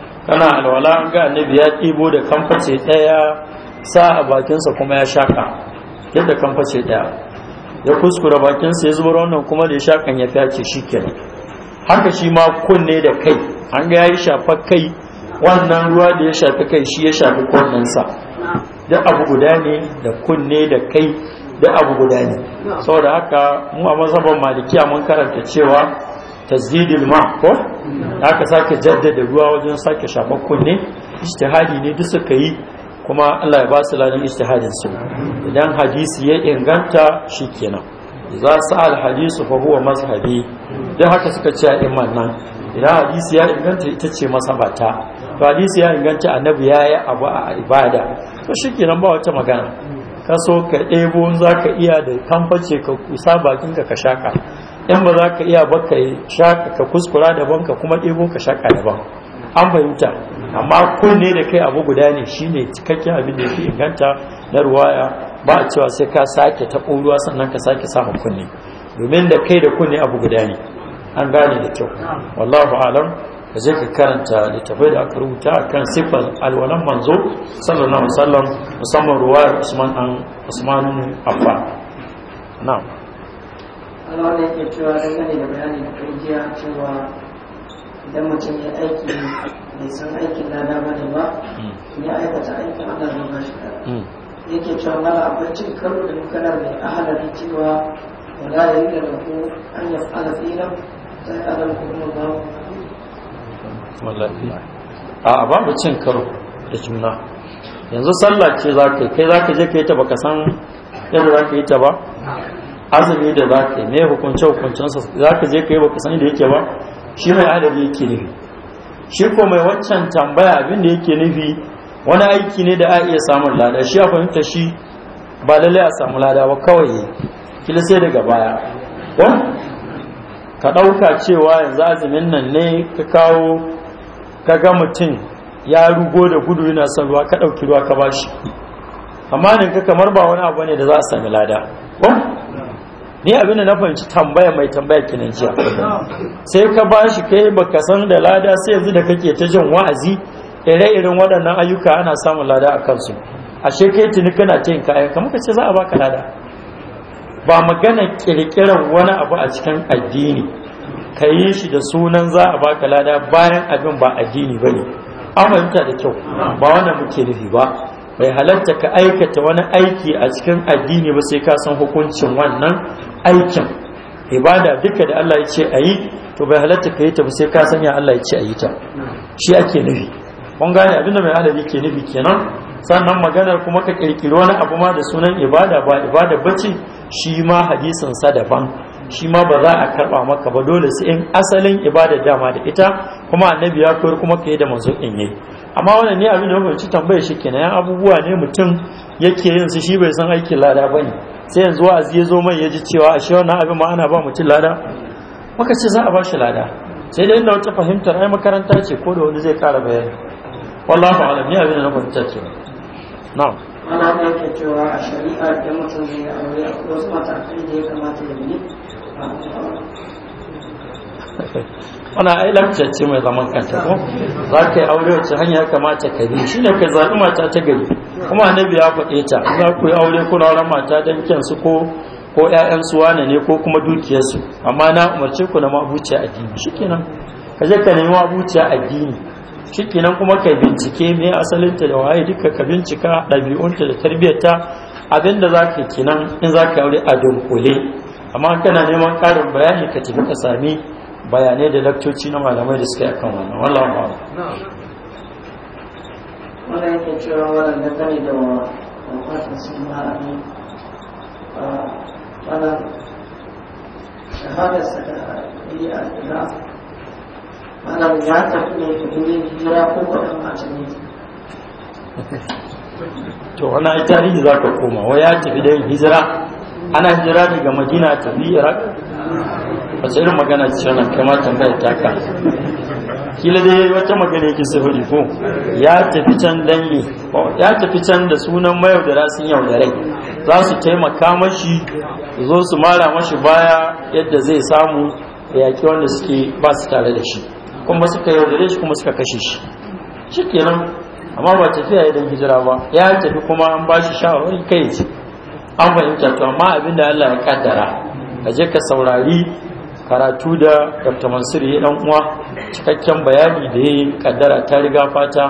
kana alwala an ga annabi ya ɗibo da kamface ɗaya sa a bakinsa kuma ya shaka yadda kamface ɗaya ya kuskura bakinsa ya zuba wannan kuma da ya shakan ya fyace shi haka shi ma kunne da kai an ga ya yi shafa kai wannan ruwa da ya shafi kai shi ya shafi sa duk abu guda ne da kunne da kai duk abu guda ne saboda haka mu a mazhaban malikiya mun karanta cewa tasdidil ma ko aka sake jaddada ruwa wajen sake shafar kunne istihadi ne duk suka yi kuma Allah ya ba su ladan istihadin su idan hadisi ya inganta shikenan za su al hadisi fa huwa mazhabi dan haka suka ce a imman nan idan hadisi ya inganta ita ce masabata to hadisi ya inganta annabi yi abu a ibada to shikenan ba wata magana kaso so ka ɗebo za ka iya da kamface ka kusa bakinka ka shaka in ba za ka iya ba ka shaka ka kuskura daban ka kuma ɗebo ka shaka daban an fahimta amma kunne da kai abu guda ne shi ne cikakken abin da fi inganta na ruwaya ba a cewa sai ka sake taɓo ruwa sannan ka sake samun kunne domin da kai da kunne abu guda ne an gane da kyau wallahu alam ka zai ka karanta littafai da aka rubuta a kan siffar alwalan manzo sallallahu alaihi wasallam musamman ruwayar usman an usman affan na'am wani wanda ke cewa dangane da bayani da kungiya cewa idan mutum ya aiki mai san aikin lada ba ne ba ya aikata aikin ana zama shi da hmm. yake cewa mara akwai cin karo da maganar mai ahalari cewa za a yi da rahu an yi fara tsira ta yi adam kuma ba wallahi a babu cin karo da juna yanzu sallah ce za ka kai za ka je ka yi ta baka san yadda za ka yi ta ba azumi da za ka yi mai hukunce hukuncensa za ka je ka yi baka sani da yake ba shi mai adadi yake nufi shi ko mai waccan tambaya abin da yake nufi wani aiki ne da a iya samun lada shi a fahimta shi ba lallai a samu lada ba kawai kila sai daga baya ka ɗauka cewa yanzu azumin nan ne ka kawo ka ga mutum ya rugo da gudu yana son ruwa ka ɗauki ruwa ka bashi amma ne ka kamar ba wani abu ne da za a sami lada ni abin da na fahimci tambaya mai tambaya kinan jiya sai ka ba shi kai baka san da lada sai yanzu da kake ta jin wa'azi ire-iren waɗannan ayyuka ana samun lada a kansu ashe kai tuni kana ta yin kayan kamar ka ce za a baka lada ba magana kirkirar wani abu a cikin addini ka yi shi da sunan za a baka lada bayan abin ba addini ba ne an fahimta da kyau ba wannan muke nufi ba mai halatta ka aikata wani aiki a cikin addini ba sai ka san hukuncin wannan aikin ibada duka da Allah ya ce a yi to bai halatta ka yi ta sai ka sanya Allah ya ce a yi ta shi ake nufi kun gane abinda mai adadi ke nufi kenan sannan maganar kuma ka kirkiri wani abu ma da sunan ibada ba ibada bace shi ma hadisin sa daban shi ma ba za a karba maka ba dole su in asalin ibada dama da ita kuma annabi ya koyar kuma ka yi da masu in yi amma wannan ne abin da mafi tambayar shi kenan abubuwa ne mutum yake yin su shi bai san aikin lada ba ne. sai yanzu wa'azi ya zo mai ya ji cewa a shi wannan abin ma ana ba mutum lada maka ce za a ba shi lada sai da inda wata fahimtar ai makaranta ce ko da wani zai kara bayani wallahi alam ni abin da na fahimta ce na ana da yake cewa a shari'a da mutum zai aure wasu matakai da ya kamata ya bi wana ai ce mai zaman kanta ko za ka aure wacce hanya ya kamata ka bi shi ne ka zaɓi mata ta gari kuma annabi ya faɗe ta za ku yi aure kuna auren mata don kyansu ko ko su wane ne ko kuma dukiyarsu amma na umarce ku na mabuciya addini shikenan ka je ka nemi mabuciya addini shikenan kuma ka bincike me asalinta da waye duka ka bincika ɗabi'unta da tarbiyyarta abinda za ka kenan in za ka aure a dunkule amma kana neman ƙarin bayani ka tafi ka sami bayanai da lakcoci na malamai da suka yi akan wannan wallah ba Wannan yake cewa wannan da tare da wakwatin sun ma'ami wannan shahadarsa da yi a ila wannan ya tafi ne ta gudun hira ko kwanan mace ne to wannan ai tarihi za ka koma wai ya tafi dai hijira ana hijira daga madina ta iraq wace irin magana ce wannan kamar tambayar taka kila dai wata magana yake sai hudu ko ya tafi can dan ya tafi can da sunan mayaudara sun yaudarai za su taimaka mashi zo su mara mashi baya yadda zai samu da yaƙi wanda suke ba su tare da shi kuma suka yaudare shi kuma suka kashe shi shi kenan amma ba tafiya idan hijira ba ya tafi kuma an ba shi shawarwari kai an fahimta to amma abinda Allah ya kaddara ka je ka saurari karatu da dr mansur ya dan uwa cikakken bayani da ya yi kaddara ta riga fata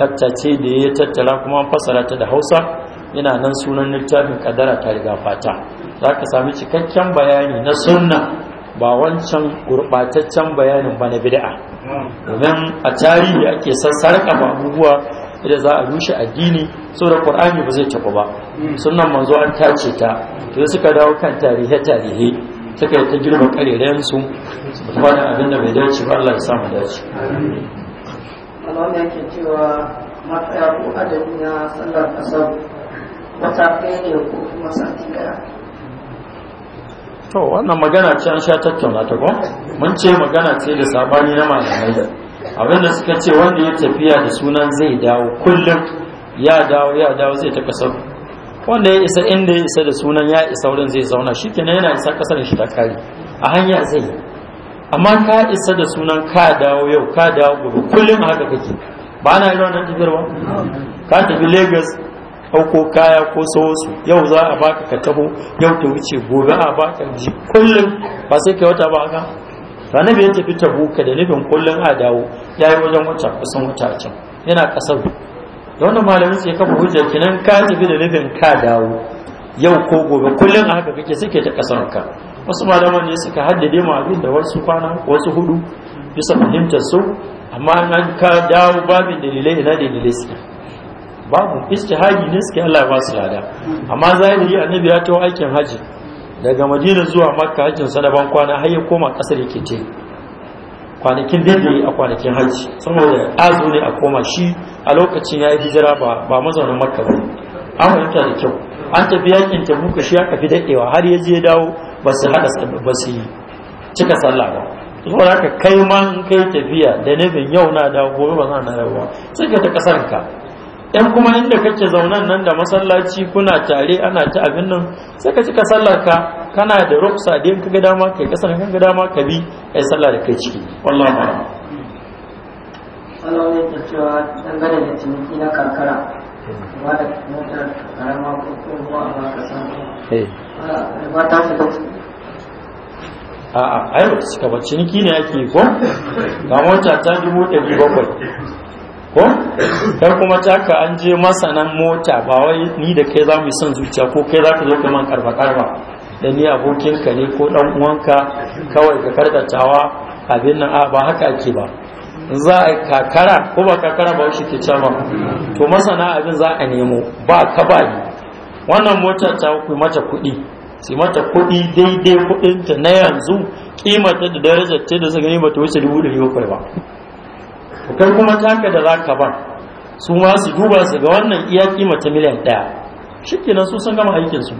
lakta ce da ya tattala kuma fasara ta da hausa yana nan sunan littafin kaddara ta riga fata za ka sami cikakken bayani na sunna ba wancan gurɓataccen bayanin ba na bid'a domin a tarihi ake sassarƙa abubuwa idan za a rushe addini da qur'ani ba zai tafi ba sunan manzo an tace ta to suka dawo kan tarihe tarihe suka yi ta girma ƙarerayensu su ba da abin da bai dace ba Allah ya sa mu dace wannan yake cewa ko adadi na sallar kasar wata kai ne ko kuma sati to wannan magana ce an sha tattauna ta ko mun ce magana ce da sabani na malamai da suka ce wanda ya tafiya da sunan zai dawo kullum ya dawo ya dawo zai ta kasar wanda ya isa inda ya isa da sunan ya isa wurin zai zauna shi kenan yana isa kasar shi ta kare a hanya zai amma ka isa da sunan ka dawo yau ka dawo gobe kullum haka kake ba na yi ranar tafiyar ba ka tafi lagos ko kaya ko sauransu yau za a baka ka taho yau ta wuce gobe a baka ji kullum ba sai ka wata ba ranar ya tafi tabuka da nufin kullum a dawo ya yi wajen wata kusan wata can yana kasar da wannan malamin sai kafa hujja kinan ka tafi da nufin ka dawo yau ko gobe kullum a haka kake suke ta kasar ka wasu malaman ne suka haddade mu abin da wasu kwana wasu hudu bisa fahimtar su amma an ka dawo babin dalilai ina dalilai suke babu istihadi ne suke Allah ba su lada amma zahiri annabi ya tawo aikin haji daga madina zuwa makka hajjin sa kwana har ya koma kasar yake tayi kwanakin da a kwanakin hajji saboda azu ne a koma shi a lokacin ya yi hijira ba mazaunin makka ba an fahimta da kyau an tafi yakin tabuka shi aka fi daɗewa har ya je dawo ba su haɗa ba su cika sallah ba zuwa haka kai ma kai tafiya da nufin yau na dawo gobe ba za na rawa sai ka ta ƙasar ka in kuma inda kake zaunan nan da masallaci kuna tare ana ta abin nan sai ka cika sallar ka kana da ruksa da ka kaga dama kai kasar ka ga dama ka bi kai sallar da kai ciki wallahi Sallar Allah ne ke cewa dangane da ciniki na karkara ba da motar karama ko kuma ba ka san eh. ba ta shiga a'a ai suka ba ciniki ne ake ko ga mota ta dubu ɗari bakwai ko dan kuma taka an je masanan mota ba wai ni da kai za mu son zuciya ko kai za ka zo kaman karba karba da ni abokin ka ne ko dan uwanka kawai ka karkatawa abin nan a ba haka ake ba za a kakara ko ba kakara ba shi ke cewa to masana abin za a nemo ba ka ba ni wannan mota ta ku mata kuɗi sai mata kuɗi daidai kuɗinta na yanzu kimar da darajar ta da zagani ba ta wuce dubu ɗari bakwai ba kai kuma taka da zaka ban su ma su duba su ga wannan iya kima ta miliyan ɗaya shikenan su sun gama aikin su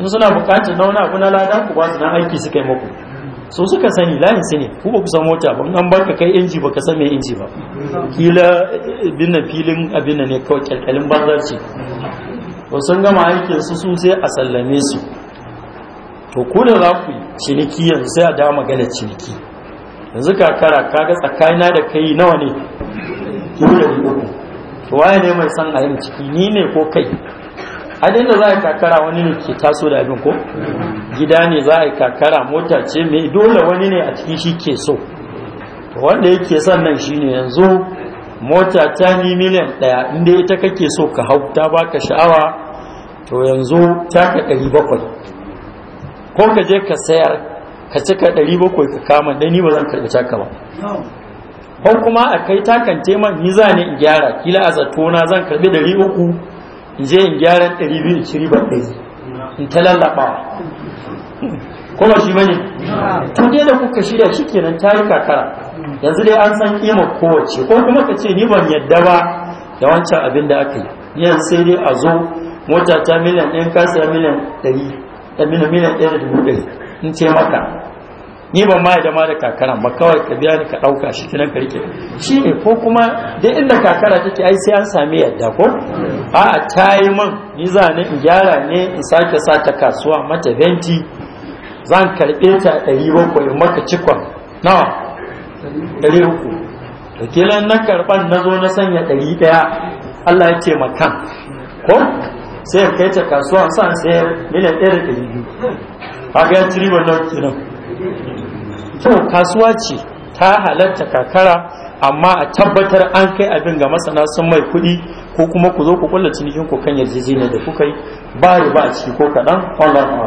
in suna bukatar na wani abu na lada ku ba su na aiki su kai muku su suka sani layin su ne ku ba ku san mota ba an baka kai inji ba ka san mai inji ba kila bin filin abin ne kawai kyalkyalin banzar ce to sun gama aikinsu su sai a sallame su to ku da za ku ciniki yanzu sai a dama magana ciniki yanzu kakara kaga tsakanina da kai nawa ne to waye ne mai san a yin ciki ni ne ko kai adin da za a kakara wani ne ke taso da abin ko gida ne za a kakara mota ce mai dole wani ne a cikin shi ke so wanda yake son nan shi ne yanzu mota ta ni miliyan ɗaya inda ita kake so ka hau ta baka sha'awa to yanzu ta ka ɗari bakwai ko ka je ka sayar ka cika 700 ka kama dai ni ba zan karɓi taka ba ko kuma a kai takan teman ni za ne in gyara kila a zato na zan karɓi 300 in je in gyara 200 in ci ribar ɗaya in ta lallaɓa ko ba shi bane to dai da kuka shirya shikenan ta yi kakara yanzu dai an san kima kowace ko kuma ka ce ni ban yadda ba da wancan abin da aka yi yanzu sai dai a zo mota ta miliyan ɗaya kasa miliyan ɗari da miliyan ɗaya da dubu ɗari in ce maka ni ban ma da da kakara ba kawai ka biya ni ka ɗauka shi kinan ka rike shi ne ko kuma duk inda kakara take ai sai an sami yadda ko a ta yi man ni za ni in gyara ne in sake sa ta kasuwa mata venti zan karbe ta ɗari bakwai maka cikon nawa ɗari uku da kilan na karɓar na zo na sanya ɗari ɗaya Allah ya ce makan ko sai kai ta kasuwa san sai miliyan ɗaya da ɗari biyu kaga ya ciri wannan kenan to kasuwa ce ta halatta kakara amma a tabbatar an kai abin ga masana sun mai kuɗi ko kuma ku zo ku kulla cinikin ku kan yarjejeniya da kuka yi ba riba a ciki ko kaɗan wallah ma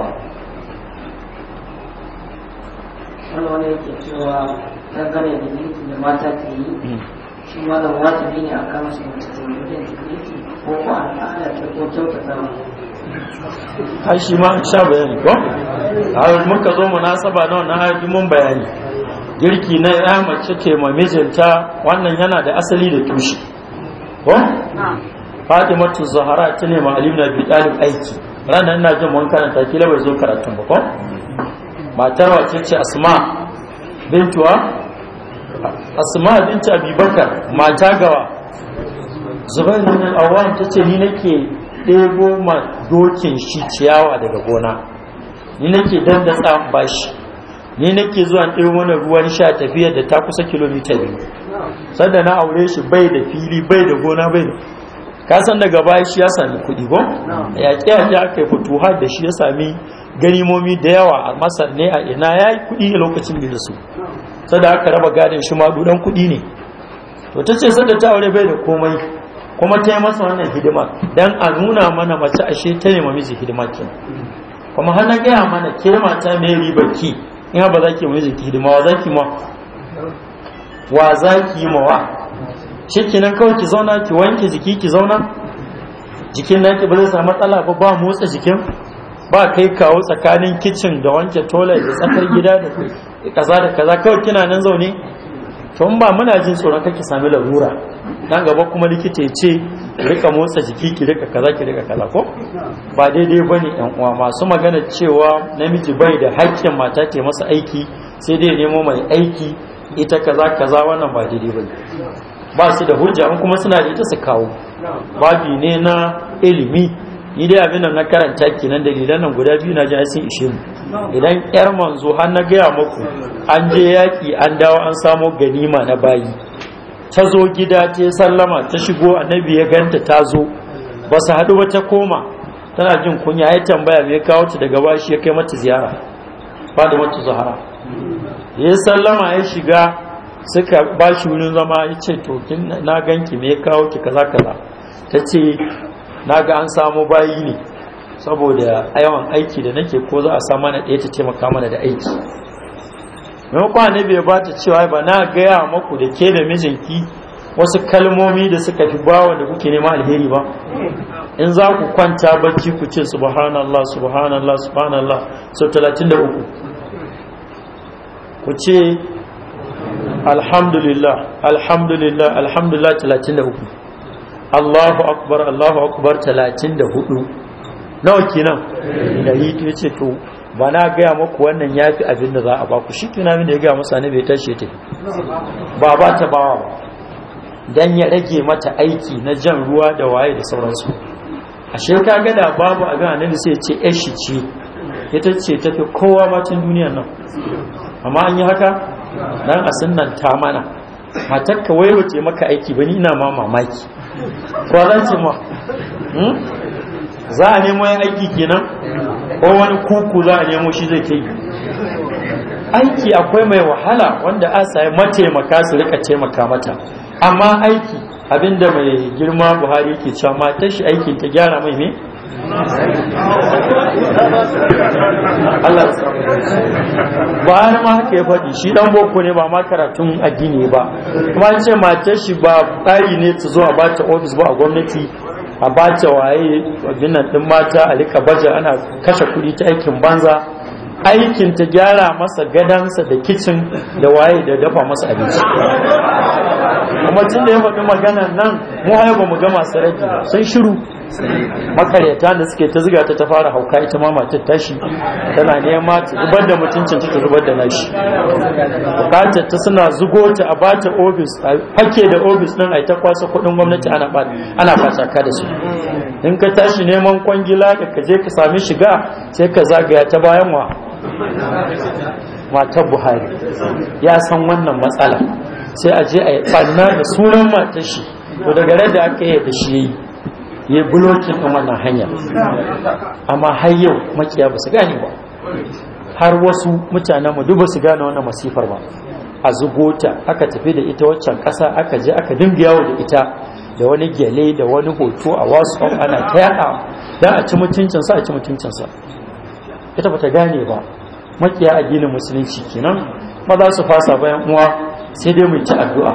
wani yake cewa ta zane da girki da mata ta yi hmm. shi malam wajibi ne a kan da mutum ko ko al'ada ta ko kyautata har shi ma sha bayani ko har ka zo munasaba na wannan har mun bayani girki na ya mace ke ma mijinta wannan yana da asali da tushe ko Fatima tu Zahara ta ne Ma'alim na Bitalib aiki ranan ina jin mun karanta kila bai zo karatun ba ko matar wace ce Asma bintuwa asma binta abubakar mata gawa zubairu bin awwam tace ni nake ɗebo ma dokin shi ciyawa daga gona ni nake dandatsa ba shi ni nake zuwa ɗin wani ruwan sha tafiyar da ta kusa kilomita biyu sanda na aure shi bai da fili bai da gona bai da kasan daga baya shi ya sami kuɗi ba ya kai aka har har da shi ya sami ganimomi da yawa a masar ne a ina ya yi kuɗi lokacin da su sada aka raba gadin shi ma dudan kuɗi ne to ta ce sanda ta aure bai da komai kuma ta yi masa wannan hidima don a nuna mana mace ashe ta yi mamiji hidima ke kuma har na gaya mana ke mata me riba ki in ba za ki mamiji ki hidima wa za ki ma wa za ki ma shi nan kawai ki zauna ki wanke jiki ki zauna jikin naki ba zai samu matsala ba ba motsa jikin ba kai kawo tsakanin kicin da wanke tola da tsakar gida da kaza da kaza kawai kina nan zaune to ba muna jin tsoron kake sami larura nan gaba kuma likita ya ce rika motsa jiki ki rika kaza ki rika kaza ko ba daidai bane yan uwa masu magana cewa namiji bai da haƙƙin mata ta masa aiki sai dai nemo mai aiki ita kaza kaza wannan ba daidai bane ba su da hujja kuma suna da ita su kawo babi ne na ilimi ni dai abin na karanta kenan dalilan nan guda biyu na ji sun ishe idan yar manzo har na gaya muku an je yaki an dawo an samo ganima na bayi ta zo gida ta sallama ta shigo annabi ya ganta ta zo ba su haɗu ba ta koma tana jin kunya ya tambaya me kawo ta daga bashi ya kai mata ziyara da mata zahara ya sallama ya shiga suka bashi wurin zama ya ce to na ganki me ya kawo ki kaza kaza ta ce na ga an samu bayi ne saboda yawan aiki da nake ko za a sa mana ɗaya ta taimaka mana da aiki kwa ne bai ba ta cewa ba na gaya maku da ke da mijinki wasu kalmomi da suka fi bawa da kuke nema alheri ba in za ku kwanta bacci ku ce subhanallah subhanallah subhanallah sau 33 ku ce alhamdulillah alhamdulillah alhamdulillah 33 Allahu akbar Allahu akbar 34 nawa kenan yi to yace to ba na gaya muku wannan yafi abin da za a baku shi min da ya gaya masa annabi bai tashi ya ba ba ta bawa ba dan ya rage mata aiki na jan ruwa da waye da sauransu ashe ka ga da babu abin ne sai ce ce shi ce ita ce tafi kowa cikin duniyar nan amma an yi haka dan a sunnan ta mana matar ka wayo ce maka aiki ba ni ina ma mamaki kwaransu ma hmm? za a nemo yan aiki kenan ko wani kuku za a nemo shi zai ke aiki akwai mai wahala wanda a sayi mataimaka su rika taimaka mata amma aiki abinda mai girma buhari ke cewa matar shi aikin ta gyara mai ne Allah ba ma haka ya faɗi shi dan boko ne ba ma karatun addini ba kuma an ce matar shi ba tsari ne ta zo a bata ofis ba a gwamnati a bata waye abinan din mata a lika baje ana kashe kuɗi ta aikin banza aikin ta gyara masa gadansa da kicin da waye da dafa masa abinci kuma cin da ya faɗi magana nan mu haya ba mu gama su sun shiru makaryata da suke ta ziga ta fara hauka ita ma mata tashi tana nema ta zubar da mutuncin ta zubar da nashi bata ta suna zugo ta a bata ofis a hake da ofis nan a ta kwasa kuɗin gwamnati ana ba ana ka da su in ka tashi neman kwangila ka je ka sami shiga sai ka zagaya ta bayan wa matar buhari ya san wannan matsala sai a je a yi ɓanna da sunan matashi shi to daga da aka yi da shi yi ya yi bulokin a wannan hanya amma har yau makiya ba su gane ba har wasu mutanen mu duk ba su gane wannan masifar ba a zubota aka tafi da ita waccan ƙasa aka je aka dinga yawo da ita da wani gyale da wani hoto a wasu ana ta yaɗa da a ci mutuncinsa a ci mutuncinsa ita ba ta gane ba makiya addinin musulunci kenan ma za su fasa bayan uwa sai dai mu ci addu'a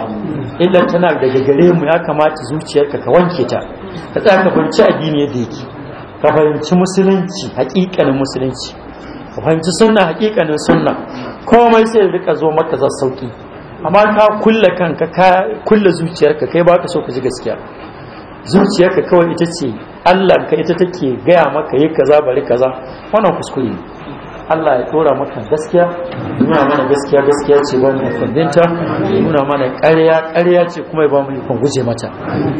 illa tana daga gare mu ya kamata zuciyarka ka wanke ta ka tsaya ka fahimci addini yadda yake ka fahimci musulunci hakikanin musulunci ka fahimci sunna hakikanin sunna komai sai ya rika zo maka za sauki amma ka kulla kanka ka kulla zuciyarka kai baka so ka ji gaskiya zuciyarka kawai ita ce Allah ka ita take gaya maka yi kaza bari kaza wannan kuskure ne Allah ya tura maka gaskiya nuna mana gaskiya gaskiya ce ba mai kandinta nuna mana ƙarya ƙarya ce kuma ya ba mu ikon guje mata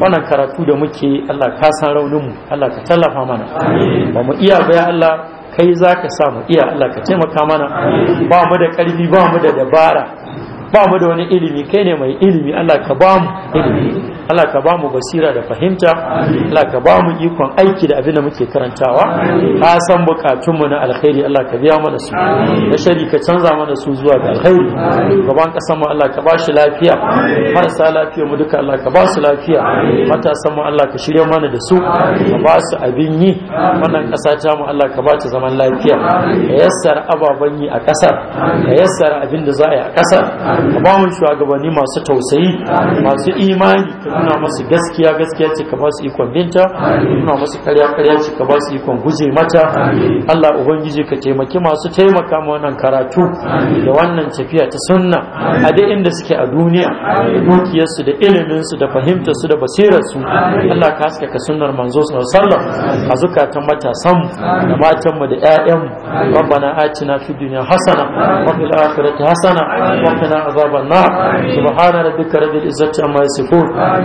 wannan karatu da muke Allah ka san raunin mu Allah ka tallafa mana ba mu iya ba Allah kai za ka mu iya Allah ka taimaka mana ba mu da ƙarfi ba mu da dabara ba mu da wani ilimi kai ne mai ilimi Allah ka ba mu ilimi Allah ka ba mu basira da fahimta Allah ka ba mu ikon aiki da abin da muke karantawa ka san bukatunmu na alkhairi Allah ka biya mana su na shari ka canza mana su zuwa ga alkhairi gaban kasan mu Allah ka ba shi lafiya marasa lafiya mu duka Allah ka ba su lafiya matasan mu Allah ka shirya mana da su ka ba su abin yi wannan kasa ta mu Allah ka ba ta zaman lafiya ka yassara ababen yi a kasar ka yassara abin da za a yi a kasar ka ba mu shugabanni masu tausayi masu imani nuna masu gaskiya gaskiya ce ka ba su ikon binta nuna masu karya karya ce ka ba su ikon guje mata Allah ubangiji ka taimaki masu taimaka ma wannan karatu da wannan tafiya ta sunna a dai inda suke a duniya dukiyarsu da iliminsu da fahimtar su da basirarsu Allah ka haska ka sunnar manzo sallallahu a zukatan matasan da matanmu da 'ya'yanmu rabbana atina fid dunya hasana wa fil akhirati hasana wa qina azaban nar subhana rabbika rabbil izzati amma yasifun